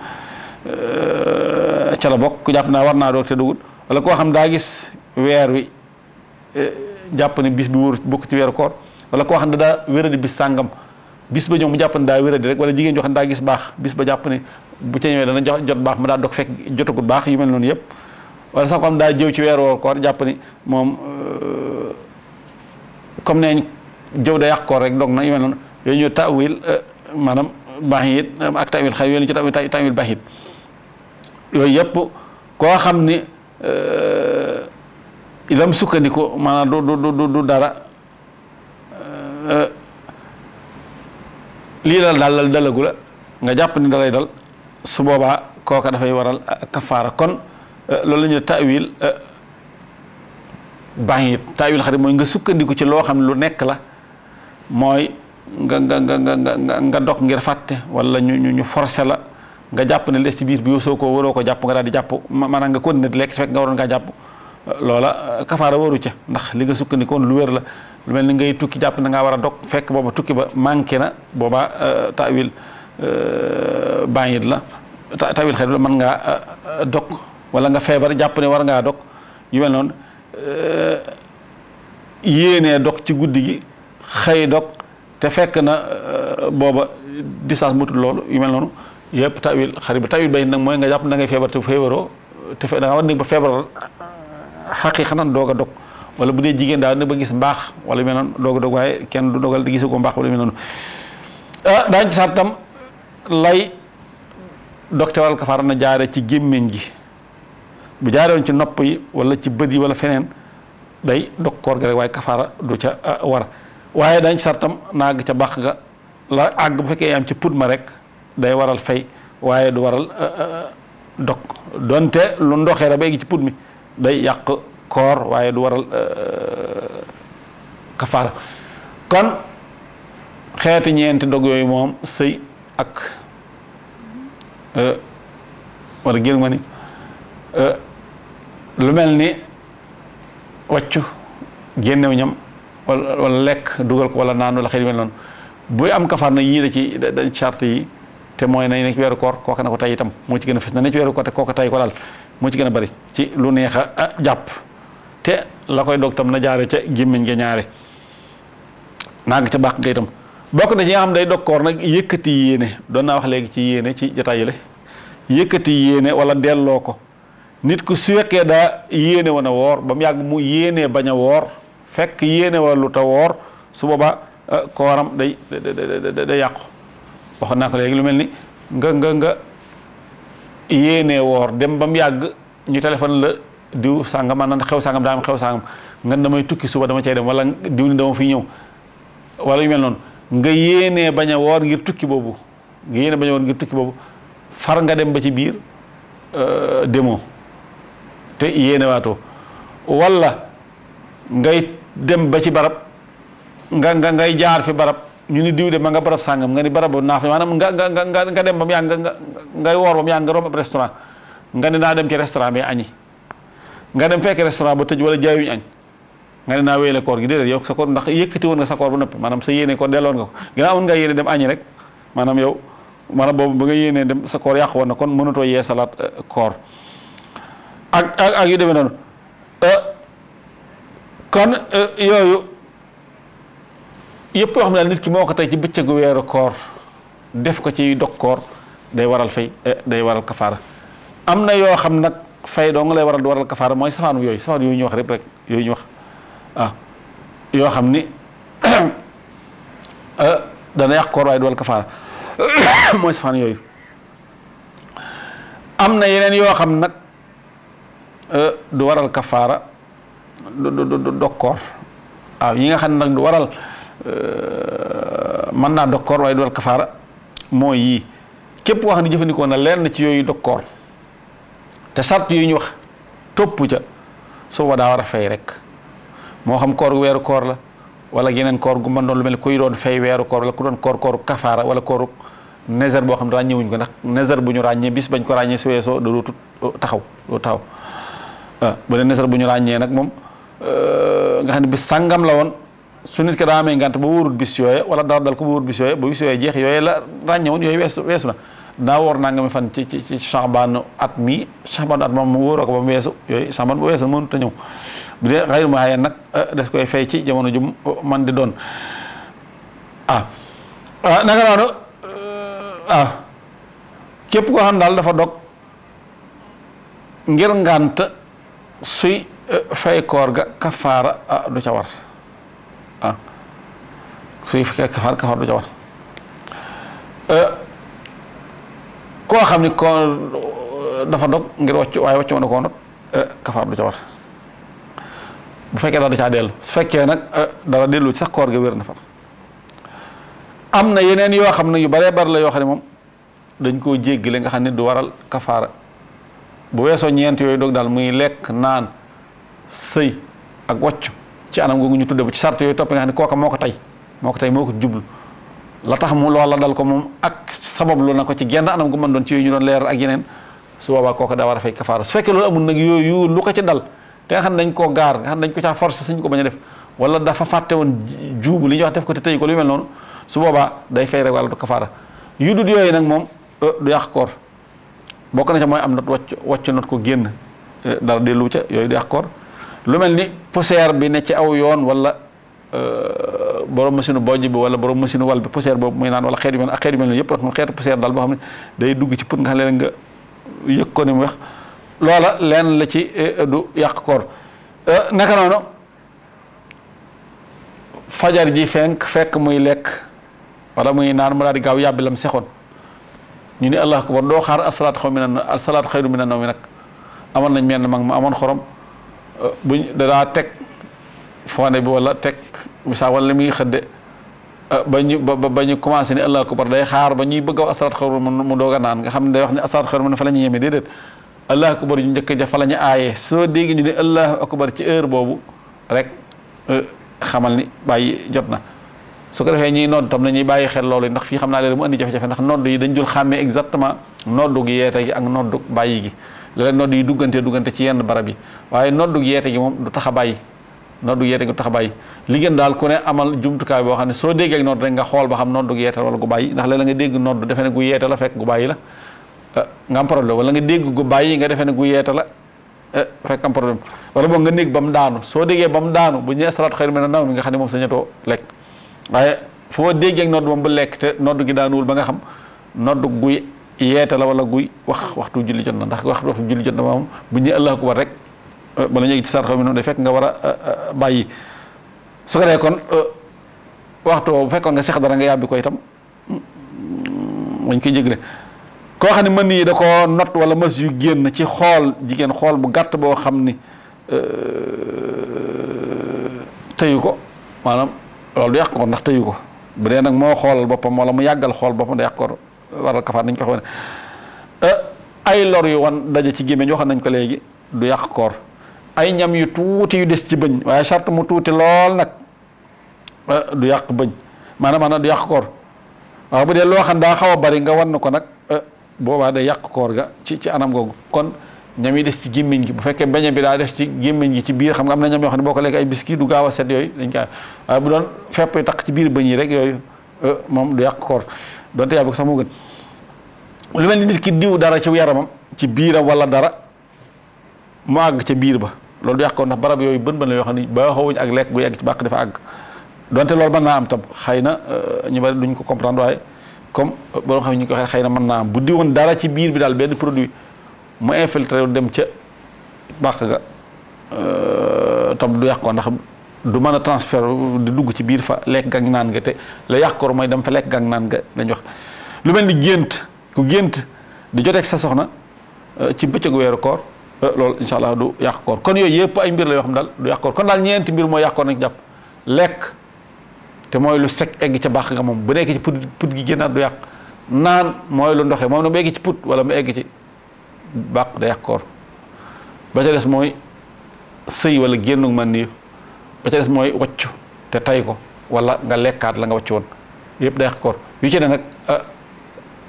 ca la bokk jàpp naa war naa doog te dugut wala koo xam daa gis weer wi jàpp ne bis bi wóor bokk ci weeru koor wala ko xamne da daa wéradi bis sangam bis ba ñoom mu jàpp da wéradi rek wala jigéen jo xamne da gis bax bis ba japp ni bu ca ñëwee dana jot bax mu da dog fekk jotagul bax yu mel non yépp wala sax ko am da jëw ci wéro ko japp ni mom euh, comme neeñ jëw da yakko rek dog na yu mel non yo ñu tawil euh, manam bahit euh, ak tawil xay yooyu ci tawil tawil bahit yooyu yépp ko xam euh ilam sukkandiku manam du du du du dara Eh, Lila la dal dalagu gula nga japp ni dalay dal su koka da fay waral eh, kafara kon eh, lolou lañu ta'wil taawil ta'wil xari moy nga sukkandiku ci lo xam lu nek la moy nga nga nga nga nga dok ngir fatte wala ñu ñu ñu forcé la nga japp ne les ci bi yo soko ko ko japp nga daal di jàpp maanaam nga kon di lekk fekk nga waron nga japp lola kafara waru ca ndax li nga sukkandikoon lu wer la lu mel ni ngay tukki jàpp na ngaa war a dog fekk booba tukki ba manqué na booba euh, taawil euh, bàyyit la taawil xel mën ngaa euh, dog wala nga feebar jàpp ne war ngaa dog yu mel noonu yéenee dog ci guddi gi xëy dog te fekk na booba distance mutul loolu yu mel noonu yëpp tawil xarit bi tawil bay nag mooy nga jàpp na ngay feebar te feebaroo te fe da nga war nekk ba feebar xaqiiqa nan doog a dog wala bu dee jigéen daal ne ba gis mbaax wala mel noonu doog doog waaye kenn du dogal di gisu ko mbaax wala mel noonu ah daañu ci sartam lay doctewal kafaara na jaare ci gémmiñ gi bu jaarewoon ci nopp yi wala ci bët yi wala feneen day dog koor ga rek waaye kafaara du ca ah, war waaye daañu sartam naag ca baax ga la àgg bu fekkee am ci put ma rek day waral fay waaye du waral ah, ah, dog donte lu ndoxee rek ba egg ci put mi day yàq koor waaye du waral euh, kafaara kon xeeti ñeenti dog yooyu moom sëy ak euh, wala gén ma ni euh, lu mel ni wàccu génnew ñam wala wala lekk dugal ko wala naan wala xëy mel buy am kafaar na yii da ci dañ charte yi te mooy nañ nekk weeru koor kooka na ko tay itam moo ci gën a fes na ne weeru koor kooka tay ko daal moo ci gën a bari ci lu neex jàpp te la koy dog tam na ca gémmiñ ga ñaare nang ca bàq nga itam bokk na ci nga xam day dog koor nag yëkkati yéene doon naa wax léegi ci yéene ci jotaay yële yëkkati yéene wala delloo ko nit ku su fekkee daa yéene wana woor ba mu yàgg mu yéenee bañ woor fekk yéene wa lu woor su booba euh, kooram day day yàqu waxoon naa ko léegi lu mel ni nga nga nga yéene woor dem ba mu yàgg ñu téléphone la diw sangam man xew sangam am xew sangam ngeen damay tukki suba dama cey dem wala diw ni dama fi ñew wala yu mel non nga yene baña wor ngir tukki bobu nga yene baña wor ngir tukki bobu far nga dem ba ci euh demo te yene wato wala ngay dem ba ci barab nga nga ngay jaar fi barab ñu ni diw de ma nga barab sangam nga ni barab na naa manam nga nga nga nga dem bam mu nga ngay wor bam mu nga rom restaurant nga ni na dem ci restaurant bi agni nga dem fekk restaurant ba tëj wala jaayuñu añ nga ne naa wéyale koor gi déedéet yow sa koor ndax yëkkati woon nga sa koor ba noppi maanaam sa yéene ko delloon nga ko ginnaaw nga yéene dem rek maanaam yow maanaam boobu ba nga yéenee dem sa koor yàqu woon na kon mënatoo yee salaat euh, koor ak ak noonu euh, kon euh, yooyu yëpp yoo xam ne daal tey ci bëccëgu weeru koor ko ci dog day waral fay day waral kafaara am na yoo xam nag fay dong lay waral du waral kafaara mooy safaanu yooyu safaanu ñu wax rek ñu wax ah, xam ni ah, dana yàq koor waaye du waral kafaara yooyu am na yeneen yoo xam nag ah, du waral kafaara du du du dog koor waaw yi nga xam ne nag du waral mën naa dog koor waaye du waral kafaara mooy yii képp koo xam ne jëfandikoo na lenn ci yooyu dog koor te sart yu ñu wax topp ca su ba daa war a fay rek moo xam koor weeru koor la wala geneen koor gu mën doon lu mel ne kuy doon fay weeru koor wala ku doon koor kooru kafaara koor kooru nazar boo xam ne ràññewuñ ko ndax nazar bu ñu ràññee bis bañ ko ràññee su weesoo da dootu uh, taxaw doo taxaw uh, bu dee nazar bu ñu ràññee nag moom uh, nga xam ne bis sàngam la woon su nit ki daa amee ngant ba wóorul bis yooye wala dara dal ko ba wóorul bis yooye ba bis yooye jeex yooye la ràññewoon yooyu weesu weesu na daa woor nangami fan ci ci ci saxbaanu at mi saxbaanu at moom woro ko bam wessu yoy yooyu bo wessu weesu mënut a ñëw bu ma haye nak eh, des koy fay ci jamono ju man di don ah, ah naka noonu eh, ah kep ko xam daal dafa dok ngir ngant suy eh, fay koor ga kafara ah, du ca war ah suy kafaara kafaara du ca war ko xamni ko eh, dafa dog ngir waccu way waccu woon koo not eh, kafaar du ci war bu fekke dara da caa dellu su fekkee nag eh, dara delu ci sax koor ga wér na fa amna yenen yo yoo yu bare bare la yo xamni mom moom dañ koo jéggale nga xamni du waral kafaara bu weso ñent yoy dog dal muy lek naan sey ak waccu ci anam gogu ñu tudde ci sart yoy top nga xamni koka moko tay moko tay moko jublu la tax mu loola dal ko mom ak sabab lu nako ci genn anam gu man don ci ñu don leer ak yenen su baba kooku daa war a fay kafara su fekkee loolu amul nak yoyu lu ko ci dal te xam nañ ko gar xam nañ ko ci force suñ ko baña def wala dafa faté won juubu li ñu wax def ko te tay ko lu mel non su baba day fay rek wala euh, du kafara yu dud yoy nak mom du yak kor bokk na ci moy am na wàcc wàcc na ko génn euh, dara dellu ca yoy du yak kor lu melni ni poussière bi ne ci aw yoon wala euh, borom machine bojj bi wala borom machine wal bi poussière boobu muy naan wala xeet yu mel ak xeet yu mel xeetu poussière daal boo xam ne day dugg ci put nga xam mu wax loola leen la ci eh, eh, du yàq koor eh, naka noonu fajar ji fenk fekk muy lekk wala muy naan mu daal di gaaw yàbbi lam sexoon ñu ni allah akbar doo xaar asalaat xaw mi na asalaat xayru mi na naw mi nag amoon nañ menn mag mu amoon xorom buñ dadaa teg fone bi wala tek misa wala mi xëdde bañu bañu commencé ni allah akbar day xaar ba ñuy bëgg wax asrat xawru mu doga naan nga xamne day wax ni asrat khair mu fa lañu yéme dedet allah akbar ñu jëk ja fa lañu ayé so dégg ñu ni allah akbar ci heure bobu rek xamal eh, ni bayyi jotna su ko defé ñi nodd tam nañuy bayyi xel loolu ndax fi xamna naa leen mu andi jafe-jafe ndax nodd yi dañ jul xamé exactement noddu gi yéte gi ak noddu bayyi gi la nodd yi duggante duggante ci yenn barab yi waaye noddu yéte gi mom du taxa bayyi noddu yeete ngi tax bàyyi li gën daal ku ne amal jumtukaay boo xam ne soo déggee ak nodd rek nga xam noddu yeete wala gu bàyyi ndax léeg la nga dégg nodd defe ne gu yeete la fekk la eh, nga wala nga dégg gu bàyyi nga defe ne gu yeete la eh, fekk am problème wala boog nga néeg ba mu daanu soo déggee ba mu daanu bu ñu salaatu xayru mina nawm mi nga xam ne moom sañatoo lekk waaye foo déggee ak moom ba lekk te nodd gi daanuwul ba nga xam nodd guy yeete la wala guy wax waxtu julli jot na ndax waxtu julli jot na moom bu ñu allahu akbar rek bala ñuy sar xaw mi defek day nga war a eh, eh, bàyyi su ko ya, dee kon eh, waxtu bu fekkoon nga sex dara nga yàbbi ko itam dañ mm, koy jégle koo xam ne mën da ko not wala mas yu génn ci xool jigéen xool bu gàtt bo xam ni tëyu ko maanaam loolu du ko ndax tëyu ko bu dee nag moo xoolal boppam wala mu yàggal xool boppam da yàq ko waral kafaar nañ ko xaw ay lor yu wan daje ci gémmiñ wax nañ ko léegi du yak koor ay ñam yu tuuti yu dess ci bëñ waye charte mu tuuti lool nak du yak bëñ manam manam du yak koor wax bu dee lo xam da xawa bari nga wan ko nak eh, boba day yak koor ga ci ci anam gog kon ñam yi dess ci gemmiñ gi bu fekke beñe bi da des ci gemmiñ gi ci biir xam nga am na ñam yo xam boko lek ay biski du gawa set yoy dañ koy waaye bu don fep tak ci biir bëñ yi rek yoy eh, mom du yak koor don yaa bëgg sax gën lu mel nit ki diw dara ci yaramam ci biira wala dara mag ci biir ba loolu du yàq ko ndax barab yooyu bën bën la yoo xam ne baaxoowuñ ak lekk gu yegg ci bàq dafa àgg donte loolu mën naa am tam xëy na euh, ñu bari duñ ko comprendre waaye comme boo xam ne ñu ko xëy na mën naa am bu di woon dara ci biir bi daal benn produit mu infiltré wu dem ca bàq ga euh, tam du yàq ko ndax du mën a transfert di dugg ci biir fa lekk gag naan nga te la yàq ko mooy dem fa lekk gag naan ga dañ wax lu mel ni gént ku gént di joteeg sa soxna euh, ci bëccëgu weeru koor Eh, lol inshallah du yakkor kon yoy yep ay mbir la wax dal du yakkor kon dal ñent mbir mo yakkor nak japp lek te moy lu sek egg ci bax nga mom bu nek ci put put gi génnaat du yak nan moy lu ndoxe mom no mu egg ci put wala mu egg ci bax da yakkor ba ca dess moy sey wala gennu man ni ba ca dess moy waccu te tay ko wala nga lekkat la nga waccu won yep da yakkor yu ci ne eh,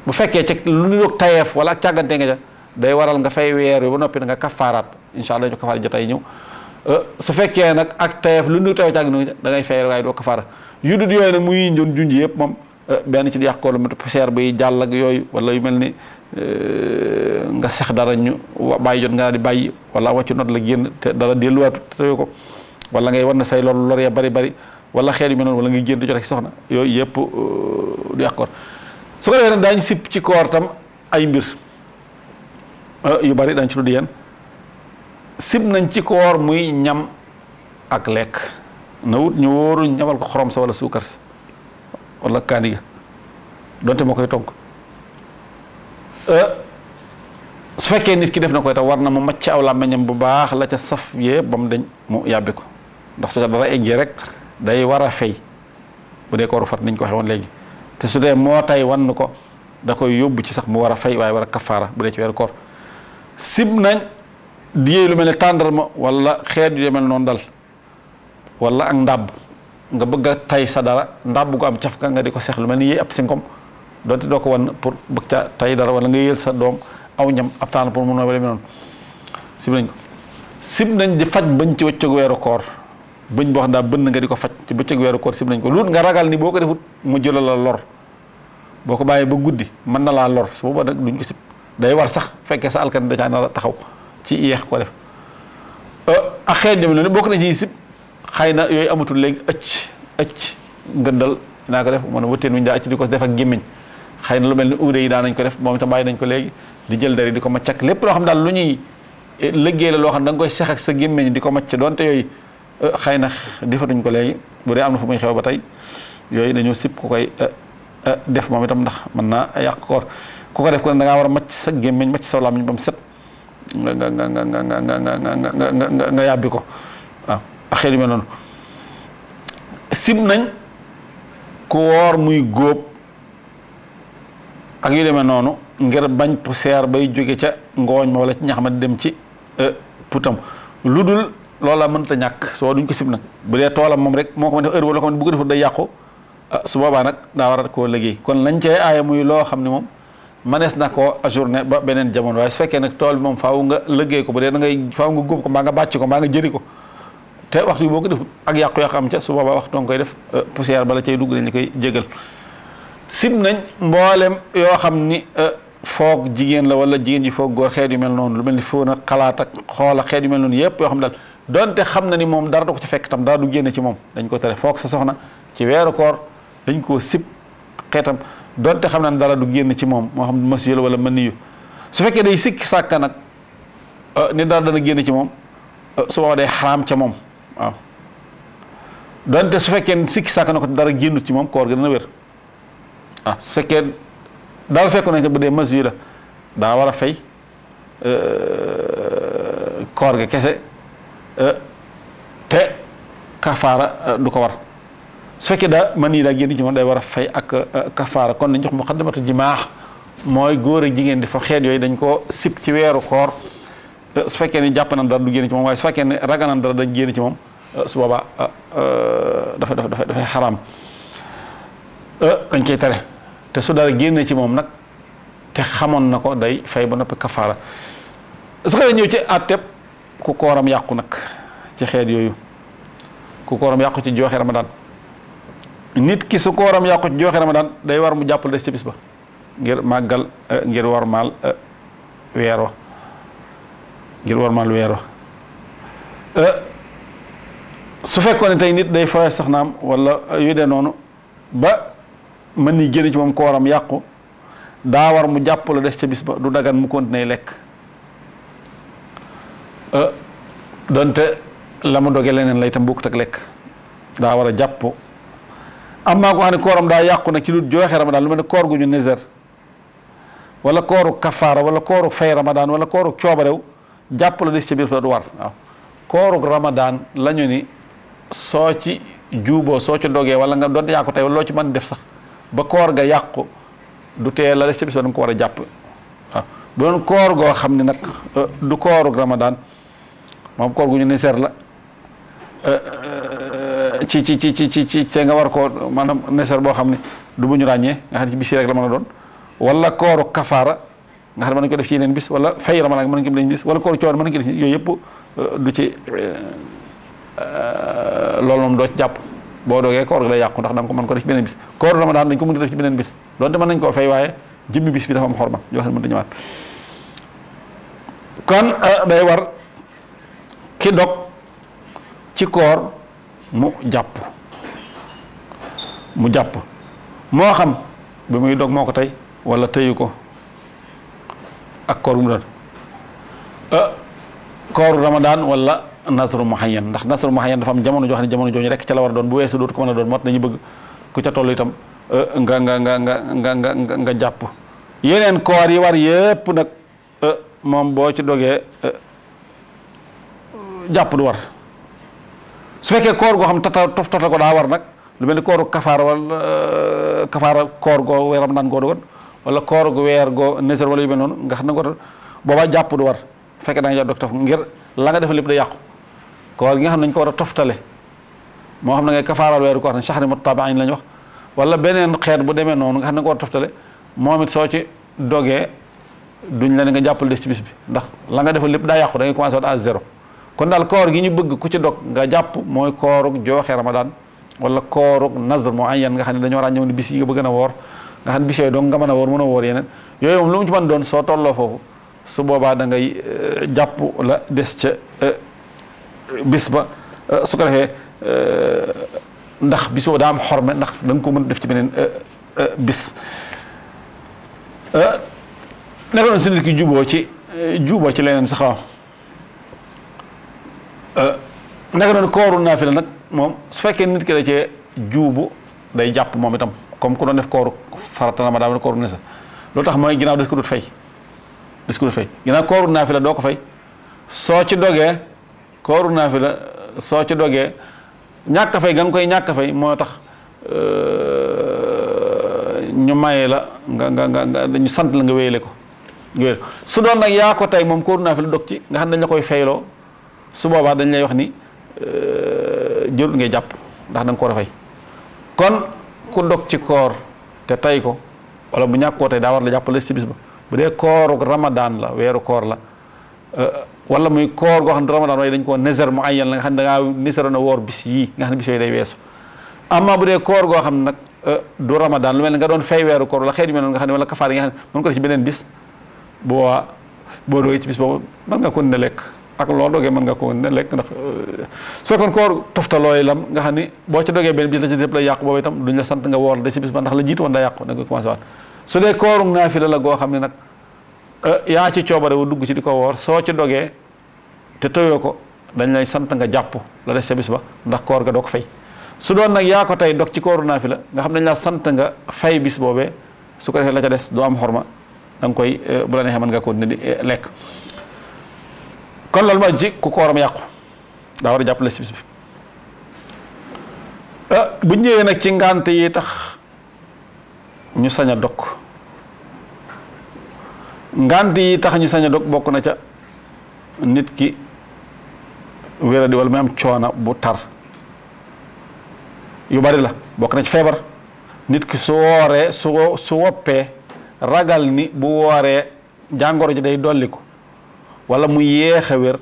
bu fekke ci lu ñu tayef wala ciagante nga ja day waral nga fay wer yu nopi nga kafarat inshallah ñu ñu jotay ñu euh su fekke nak ak tayef lu nu teew ci ñu da ngay fay way do kafaara yu dud yoy nak muy doon junj yep mom euh, ben ci yakko lu mu seer bi jall ak yoy wala yu melni euh nga sax dara ñu bay jot nga di bay wala waccu not la genn te dara wat te ko wala ngay wan say loolu lor ya bari bari wala xel yu mel wala ngay genn di jot ak soxna yoy yep euh, du yakko su ko defee nag daañu sip ci koor tam ay mbir Eh, yu bari dañ ci tudd yéen sib nañ ci koor muy ñam ak lekk na wut ñu wóoru ñamal ko xorom sa wala suukar sa wala kaani ga donte moo koy togg eh, su fekkee nit ki def na koy tam war na mu macc aw làmmiñam bu baax la ca saf yëpp ba mu deñ mu yàbbi ko ndax su ko dara eggee rek day war a fay bu dee kooru fat niñ ko waxee léegi te su dee moo tay wann ko da koy yóbbu ci sax mu war a fay waaye war a kafaara bu dee ci weeru koor sib nañ diye lu mel ne tàndarma wala xeet yu mel non dal wala ak ndab nga bëgg tay sa dara ndab gu am tiafka nga diko xex lu mel ni yey ab singom donte doo ko pour bëgg ta tay dara wala nga yël sa dom aw ñam ap tan pour mu no wala noonu sib nañ ko sib nañ di fajj bañ ci wëccu wëru koor bañ bo xanda daa bënn nga di fajj faj ci bëccëg wëru koor sib nañ ko luut nga ragal ni boko defut mu jël la lor boko baye ba guddii man na la lor su booba nak duñ ko sib day war sax fekkee sa alkan da caa nar a taxaw ci yeex ko def euh, ak xeet dem noonu bokk na ci sib xëy na yooyu amatul léegi ëcc ëcc ngëndal naa ko def mu ne wëtteen wuñu daa ëcc di ko def ak gémmiñ xëy na lu mel ni uude yi daan nañ ko def moom itam bàyyi nañ ko léegi di jël dari di ko macc lépp loo xam daal lu ñuy eh, liggéey loo xam da nga koy sex ak sa gémmiñ di ko macc donte yooyu euh, xëy na defatuñ ko léegi bu dee am na fu muy xew ba tey yooyu dañoo sib ku koy euh, def moom itam ndax mën naa yàq koor ku ko def ko da nga wara a macc sa gémmiñ macc sa làmmiñ bam set nga nga nga nga nga nga nga nga nga nga nga nga ko ah akhir xel non sim nañ ku wor muy gop ak yu demee nonu ngir bañ poussière bay jóge ca ngogn ma wala ci ñax ma dem ci putam ludul lola mën ta ñak so duñ ko sib nak bu dé tolam mom rek moko wone heure wala ko mën bu ko defut day yàqu su boba nak da wara ko liggéey kon lañ cay ay muy lo xamni mom manees na ko journée ba beneen jamono waaye su fekkee nag tool bi moom faaw nga liggéey ko bu dee da ngay faaw nga góob ko mbaa nga bàcc ko mbaa nga jëri ko te waxtu bi boo ko def ak yàqu-yàq am ca su boobaa waxtu nga koy def euh, poussière bala cay dugg dañ la koy jégal sib nañ yoo xam ni euh, foog jigéen la wala jigéen ji foog góor xeet yu mel noonu lu mel ni foo na xalaat ak xoola xeet yu mel noonu yëpp yoo xam daal donte xam na ni moom dara du ko ci fekk tam dara du génne ci moom dañ ko tere foog sa soxna ci weeru koor dañ koo sib xeetam donte xam naa ne dara du génn ci moom moo xam masiyu la wala maniyu su fekkee day sikki sàkka nag euh, ni dara dana génn ci moom euh, su boobaa day xaraam ca moom waaw donte su fekkee sikk sàkka na ko dara génnut ci moom koor gi dana wér ah su fekkee daal fekkoon nañ bu dee masiyu la daa war a fay euh, koor gi kese te kafaara du ko war su fekke da man ni da génn ci mo day wara fay ak euh, kafara kon ñu jox muqaddamatu jimaax mooy góor ak jigen di fa xet yoy dañ ko sip ci wéru koor euh, su fekke ni japp na dara du génn ci mom way su fekke ni ragana dara dañ génn ci mom euh, su boobaa dafa dafa dafa haram euh dañ cey tare te su dara génn ci mom nak te xamon nako day fay bu nopp kafara su ko ñew ci atep ku koram yaqku nak ci xet yooyu ku koram yaqku ci joxe ramadan nit ki su kooram yàqu ci ma daan day war mu jàppal des ci ba ngir màggal euh, ngir war maal euh, weer wa war maal weer euh, su fekkoon ne tey nit day fawee sax naam wala yu dee noonu ba mën ni génn ci moom kooram yàqu daa war mu jàpp la des ca ba du dagan mu continuer lekk donte la mu doge leneen la itam bokkut ak lekk daa war a jàpp am maa ko xam ne kooram daa yàqu nag ci lu joxe ramadaan lu mel ne koor gu ñu nizar wala kooru kafaara wala kooru fay ramadaan wala kooru coobarew jàpp la des ci biir du war waaw ci juuboo soo ci dogee wala nga doon loo ci mën def sax ba koor ga yàqu du tee la des ci bis ba da ko war a jàpp waaw bu doon koor goo xam ne nag euh, du koorug ramadaan moom koor gu ñu niseer la euh, ci ci ci ci ci ci nga war ko manam nesar bo xamni du buñu ñu nga xam ci bis rek la mëna doon wala koru kafara nga xam ne ko def ci yeneen bis wala fay ramadan mën nañu ko def bis wala koru coon mën nañu ko def yoy yep euh, du ci euh lolum do ci jàpp boo doogee koor gi lay ndax dang ko mën ko def ci benen bis kooru ramadan dañ ko mën def ci benen bis donte mën nañ koo fay waye jimmi bis bi dafa am xorma yo xam ne mën ñëwaat kon euh, day war ki dok ci koor mu jàpp mu jàpp moo xam ba muy dog moo ko tey wala teyu ko ak koor mu doon euh, kooru ramadaan wala nasru muhayyan ndax nasru muhayyan dafa am jamono joo ne jamono jooju rek ca la war a doon bu weesu dootu ko mën a doon moo tax dañuy bëgg ku ca toll itam euh, nga nga nga nga nga nga nga jàpp yeneen koor yi war yépp nag euh, moom boo ci dogee jàpp du war su fekkee koor goo xam tata tof tof la ko daa war nag lu mel ni kooru kafaar wala euh, kafaara koor goo weeram naan goo doon wala koor gu weer goo neser wala yu mel noonu nga xam ne ko boobaa jàpp du war fekkee da nga jàpp ngir la nga def lépp da yàqu koor nga xam ne ko war a toftale moo xam ne ngay kafaaral weeru koor ne saxari mutaba'in la ñu wax wala beneen xeet bu demee noonu nga xam ne ko war moom it soo ci dogee duñ la ne nga jàppal des ci bi ndax la nga defal lépp daa yàqu da ngay commencé waat zéro kon daal koor gi ñu bëgg ku ci dog nga jàpp mooy koorug jooxe ramadan wala koorug nazr moo ayan nga xam ne dañoo ràññewoon bis yi nga bëgg na woor nga xam ne bis yooyu dong nga mën a woor mën a woor yeneen yooyu moom lu mu ci mën doon soo tolloo foofu su boobaa da ngay eh, jàpp la des ca eh, bis ba eh, su ko defee ndax bisoo boobu daa am xorme ndax danga ko mën def ci beneen bis nekkoon su nit juboo ci juboo ci leneen sax Euh, naka noonu kooru la nag moom su fekkee nit ki da cee juubu day jàpp moom itam comme ku doon def kooru farata na ma daa kooru ne sa loolu tax mooy ginnaaw des ko dut fay des ko dut fay ginnaaw kooru naafila doo ko fay ci dogee kooru naafila soo ci dogee ñàkk fay ga koy ñàkk moo tax euh, ñu maye la nga nga nga ñu sant la nga wéyale ko doon nag yaa ko moom kooru naafila dog ci nga xam ne dañ koy fayloo su boba dañ lay wax ni euh, jërul ngay japp ndax dang ko rafay kon ku dok ci koor te tay ko wala mu ñakko tay da war la japp le bis ba bu de kooru ramadan la wéru koor la euh, wala muy koor go xam ramadan way dañ ko nazar mu ayan nga xam da nga neseroon a woor bis yi nga xam bis yooyu day wessu amma bu de koor go nak euh, du ramadan lu mel nga don fay wéru koor la xéet mel nga xam wala kafar nga ko ci benen bis bo bo do ci bis bo man nga ko ne lek ak loo dogee mën nga ko ne lekk ndax euh, su fekkoon koor toftalooy lam nga xam ni boo ca dogee benn bis la ci lépp lay yàqu boobu itam duñ la sant nga woor de ci bis ba ndax la jiit woon daa yàqu da su la goo xam ne nag euh, yaa ci coobare wu dugg ci di ko woor soo ci dogee te tëyoo ko dañ lay sant nga jàpp la des ca ba ndax koor ga doo ko fay su doon nag yaa ko tey dog ci kooru la nga xam ne dañ laa sant nga fay bis boobee su ko defee la ca des doo am xorma da nga koy euh, bu la neexee mën nga ko ne di lekk kon lol ma ji ku koram yàqu da wara a jàppale si bis bi eh, bu ñewé nak ci ngant yi tax ñu saña dok ngant yi tax ñu saña dok bokku na ca nit ki wéra di wal muy am bu tar yu bari la bokku na ci feebar nit ki su su su ragal ni bu woré jangoro ji day dolliku wala mu yéex a wér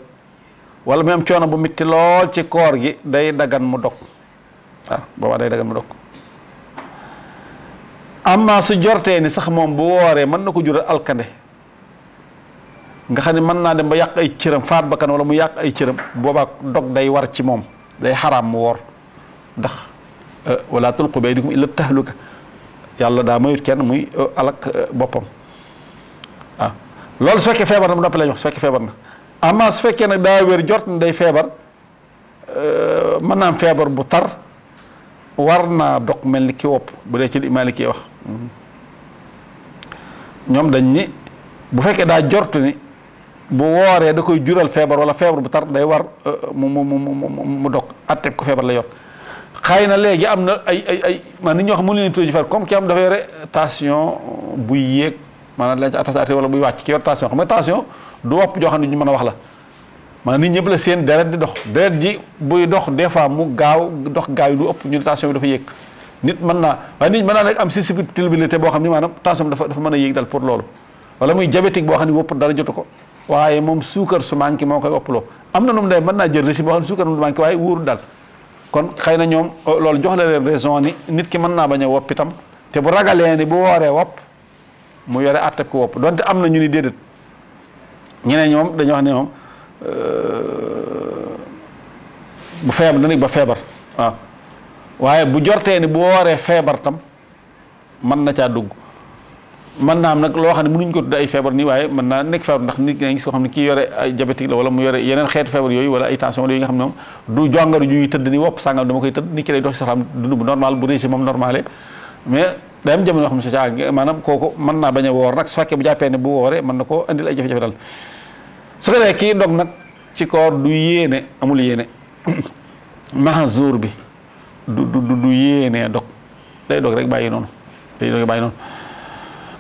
wala mu am coono bu metti lool ci koor gi day dagan mu dog waaw ah, boobaa day dagan mu dog amma su jortee ni sax moom bu wooree mën na ko jural alkande nga xam ne mën naa dem ba yàq ay cëram faat bakkan wala mu yàq ay cëram boobaa dog day war ci moom day xaraam mu woor ndax euh, wala tulqu bi aydikum illa tahluka yàlla daa mayut kenn muy euh, alak euh, boppam ah. loolu su fekkee feebar na mu noppi lañu wax su fekkee feebar na amaa su fekkee nag daa wér jot na day feebar euh, manaam feebar bu tar war naa dog mel ni ki wopp bu dee ci li Maliki wax ñoom dañ ni bu fekkee daa jortu bu wooree da koy jural feebar wala feebar bu tar day war euh, mu mu mu mu mu dog atteb ko feebar la yor xëy na léegi am na ay ay ay man nit ñoo xam mënu leen tudd comme ki am dafa yore tension bu yéeg maanaam lañ ci attaché attaché wala buy wacc ki rotation xam nga tension du wop jo xamni ñu mëna wax la man nit ñepp la seen deret di dox deret ji buy dox des fois mu gaaw dox gaaw yi lu ëpp ñu tension bi dafa yéeg nit mën naa waaye nit mën naa am sensibilité bo xamni manam tension dafa dafa mëna a dal pour lolu wala muy diabétique bo xamni wop dara jottu ko waye mom suukar su manki mo koy upp lo amna num day mën naa jël rési bo xamni ne mu manki waye wuur dal kon xeyna ñom lolu jox la leen raison ni nit ki mën naa bañ a itam te bu ragalé ni bu woré wop mu yoré attaque ko wopp donte amna ñu ni dedet ñeneen ñom dañu wax ne euh bu feebar dañu ba febar wa waye bu jorté ni bu woré febar tam man na ca dugg man na am nak lo xamni mënuñ ko tudd ay febar ni waye man na nek febar ndax nit ñi so xamni ki yoré ay diabétique la wala mu yoré yenen xéet febar yoy wala ay tension yoy nga xamni du jongaru ñuy tedd ni wop sangal dama koy tedd nit ki lay dox si saxam dund bu normal bu régime normalé mais am jamono yoo xam ne si manam maanaam man na baña wor nak woor su bu jàppee ne bu woré man nako andil ay jëf jafe su ko defee dog nak ci koor du yene amul yene mahzur bi du du du yéenee dog day dog rek bàyyi non day dog bàyyi non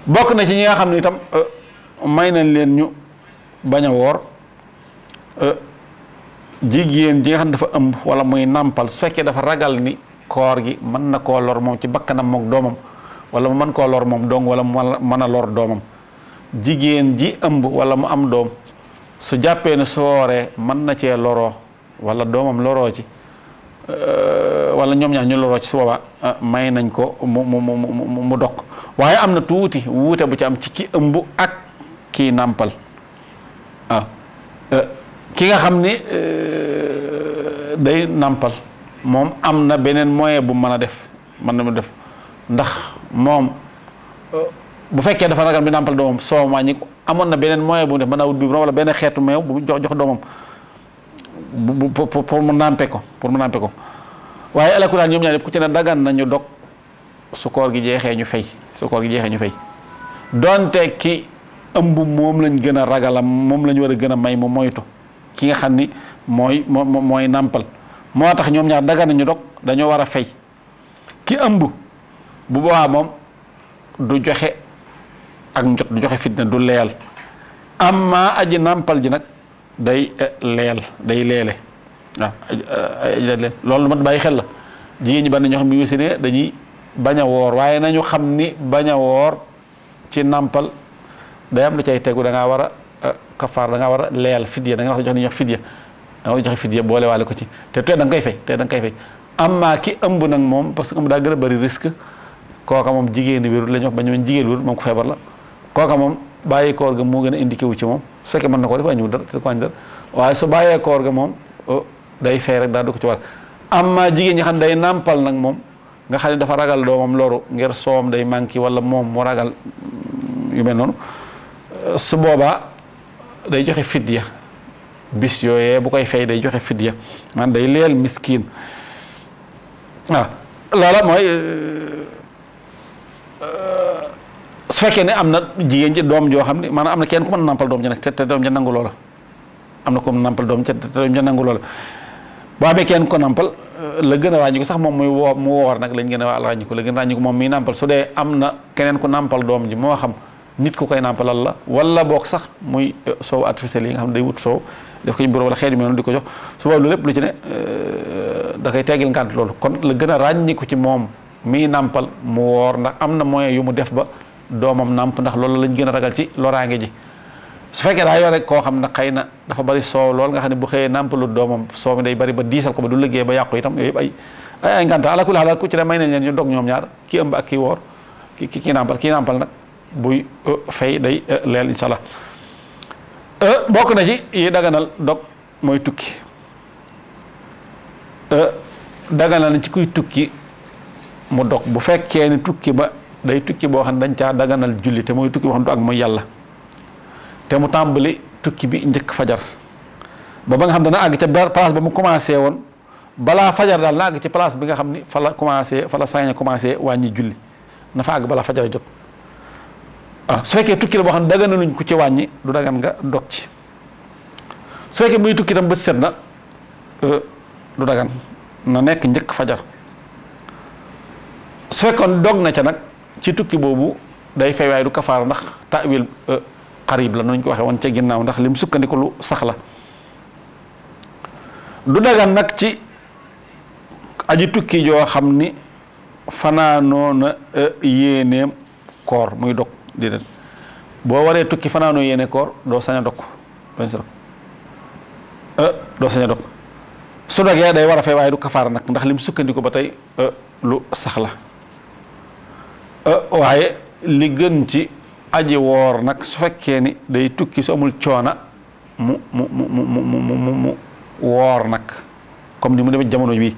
bok na ci ñi nga xam ni tam eh, may nañ leen ñu baña wor euh jigeen ji nga xam dafa ëmb wala muy nampal su dafa ragal ni koor gi man na koo lor mom ci bakkanam mok domam wala mu ko lor mom dong wala mu lor domam jigen ji ëmb wala mu am dom su jappé ne soore man na ci loro wala domam loro ci euh, wala ñom ñaan ñu loro ci su ah, may nañ ko mu mu mu mu dok waye amna tuuti wuté bu ci am ci ki ëmb ak ki nampal, ah euh, ki nga xamni ni euh, day nampal mom am na moyen bu mana def man na def ndax moom bu fekkee dafa ragal bi nàmpal doomam soow wàññi ko amoon na beneen moyen bu mu def mën naa wut bi wala benn xeetu meew bu jox jox doomam bu pour mu nàmpe ko pour mu nàmpe ko waaye alakulaan ñoom ñaar yëpp ku ci ne dagan nañu dog su koor gi jeexee ñu fay su gi jeexee ñu fay donte ki ëmb moom lañ gën a ragalam moom lañ war a gën a may mu moytu ki nga xam ni mooy moo mooy nàmpal moo tax ñoom ñaar dagan nañu dog dañoo war a fay ki ëmb. bu boobaa mom du joxe ak njot du joxe fitna du leel amma aji nampal ji nak eh, eh, day leel day lele waaw aji leel loolu mat baye xel la jigéen ñi ban ñox mi ne dañuy baña wor waye nañu xamni baña wor ci nampal day am lu cey teggu da nga war eh, kafar da nga wara leel fidya da nga wax jox ni ñox fidya da nga jox fidya boole walé ko ci te tey da nga fay tey da nga fay amma ki ëmb nak mom parce que mu da gëna bari risque kooka moom jigéeni wérut la ñu wax ba ñu jigéen wérut moom ko feebar la kooka moom bàyyi koor ga moo gën a indiqué wu ci moom su fekkee mën na ko def wàññiwul dara te ko wàññi dara waaye su bàyyee koor ga moom oh, day fay rek daal du ko ci war amma jigéen ñi xam ne day nàmpal nag moom nga xam ne dafa ragal doomam loru ngir soom day manqué wala moom mu ragal mm, yu mel noonu euh, su boobaa day joxe fidya bis yooyee bu koy fay day joxe fidya man day leel miskin waaw ah, loola mooy euh, su fekkee ne am na jigéen ji doom joo xam ne maanaam am na kenn ku mën a nampal doom ji te doom ja loola am na ku mën a doom te te doom ja nangu loola boo nampal euh, la gën a ràññi ko sax moom muy woo mu woor nag lañ gën a ràññi ko la gën a ko moom muy nàmpal su am na keneen ku nàmpal doom ji moo xam nit ku koy nàmpalal la wala boog sax muy euh, soow artificiel yi nga xam ne wut soow def ko ci bureau wala di ko jox su boobu lépp lu ci ne euh, da koy teggil ngànt loolu kon la gën a ràññi ci moom mii nàmpal mu woor ndax am na moyen yu mu def ba domam namp ndax loolu lañu gëna ragal ci lorange ji su fekke da yo rek ko xamna xeyna dafa bari soow lool nga xam bu bu namp lu domam soow mi day bari ba diisal ko ba du liggé ba yàqu itam yooyu ay ay nganta ala kul halal ku ci may nañ leen ñu dog ñom ñaar ki ëmb ak ki wor ki ki nampal ki nampal nak bu fay day leel inshallah euh bok na ci yi daganal dog moy tukki daganal na ci kuy tukki mu dog bu fekke ni tukki ba day tukki boo xam ne dañ caa daganal julli te mooy tukki boo xam du ak mooy yàlla te mu tàmbali tukki bi njëkk fajar ba ba nga xam dana àgg ca ber place ba mu commencé woon balaa fajar daal na àgg ci place bi nga xam ni fa la commencé fa la saña commencé wàññi julli na fa àgg balaa fajar jot ah su fekkee tukki boo xam ne daganaluñ ku ci wàññi du dagan nga dog ci su fekkee tukki tam ba set na euh, du dagan na nekk njëkk fajar su fekkoon dog na ca nag ci tukki bobu day fay way du kafar ndax tawil euh, qarib la noonu ko waxe won ci ginnaw ndax lim sukkandiku lu sax la du dagan nak ci aji tukki jo xamni fana fanaanoo euh, yene kor koor muy dog déedéet bo waré tukki fana yéene yene kor do saña dok ben sax euh do saña dok su day wara fay way du kafar nak ndax lim sukkandiku batay euh lu sax Eh, waye li gën ci aji wor nak su fekke ni day tukki su amul coona mu mu mu mu mu mu mu wor nak comme ni mu dem jamono bi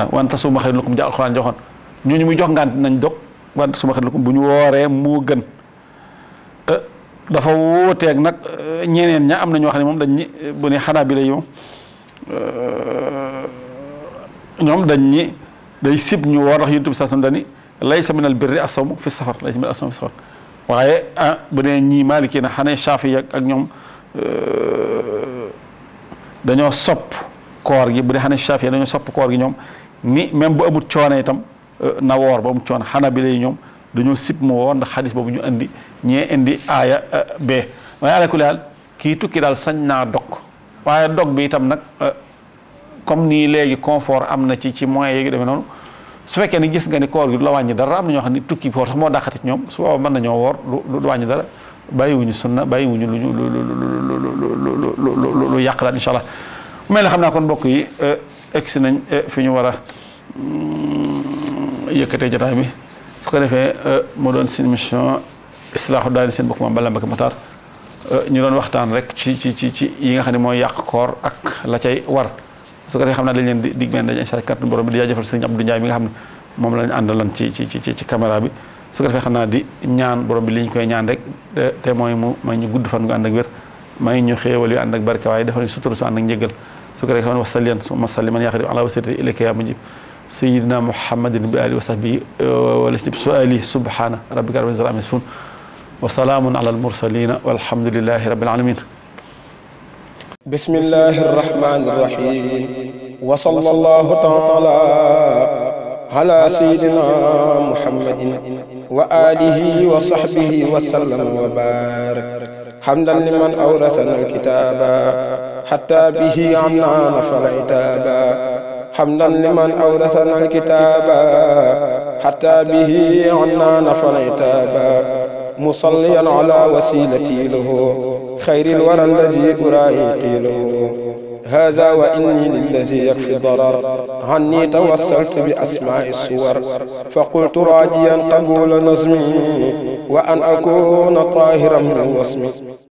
ah wante suma xëy lakum ja alxuraan ñu mu muy jox ngant nañ wan tasu suma xëy lakum bu ñu wooree moo gën eh, dafa ak nak eh, ñeneen ña am na ñoo xam ne dañ ñi bu ni xanaa bi la yow ñom dañ ni day sip ñu woor ndax yonent bi saa dani laysa min al birri asawm fi safar laysa min al asawm waaye ah bu dee ñii maaliki na xanaa shaafi ak ñoom euh, dañoo sopp koor gi bu dee xanaa shaafi dañoo sopp koor gi ñoom ni même bu amut coono itam euh, na woor ba amut coono xanaa bi lay ñoom dañoo sib mu woor ndax xadis boobu ñu andi ñee indi aaya euh, bee waaye ala kulli kii tukki daal sañ naa dog waaye dog bi itam nag comme nii léegi confort am na ci ci moyens yi defe noonu su fekkee ne gis nga ni koor gi du la wàññi dara am na ñoo xam ne tukki koor sax moo dàqati ñoom su man mën nañoo woor du wàññi dara wuñu sunna bàyyiwuñu lu lu lu lu lu yàq daal incha allah mel xam naa kon bokk yi egsi nañ fi ñu war a yëkkatee jotaay bi su ko defee mu doon simission mission islaahu daal seen mbokk bala Balla Mbacké ñu doon waxtaan rek ci ci ci ci yi nga xam ne mooy yàq koor ak la cay war. su ko xamna xam dañ leen dig meen dañ incha carte borom di jafal serigne Abdou ndiay mi nga xam mom moom lañ àndalan ci ci ci ci caméra bi su ko defee xam di ñaan borom bi liñ koy ñaan rek té moy mu may ñu gudd fan nga and ak wër may ñu xéewal yu and ak barké way defal suturu sa and ak ñeegal su ko defee xam ne wasalliyan salliman ya khadim yaqrib ala wasati ilayka ya mujib sayyidina muhammadin bi alihi wa sahbihi eh, wa lasib su'ali subhana rabbika rabbil izzati amma wa salamun ala al mursalin walhamdulillahi rabbil alamin بسم الله الرحمن الرحيم وصلى الله تعالى على سيدنا محمد وآله وصحبه وسلم وبارك حمدا لمن أورثنا الكتاب حتى به عنا نفر عتابا حمدا لمن أورثنا الكتاب حتى به عنا نفر عتابا مصليا على وسيلتي له خير الورى الذي قرائي قيله هذا وإني للذي يكفي الضرر عني توسلت بأسماء الصور فقلت راجيا قبول نظمي وأن أكون طاهرا من وسمي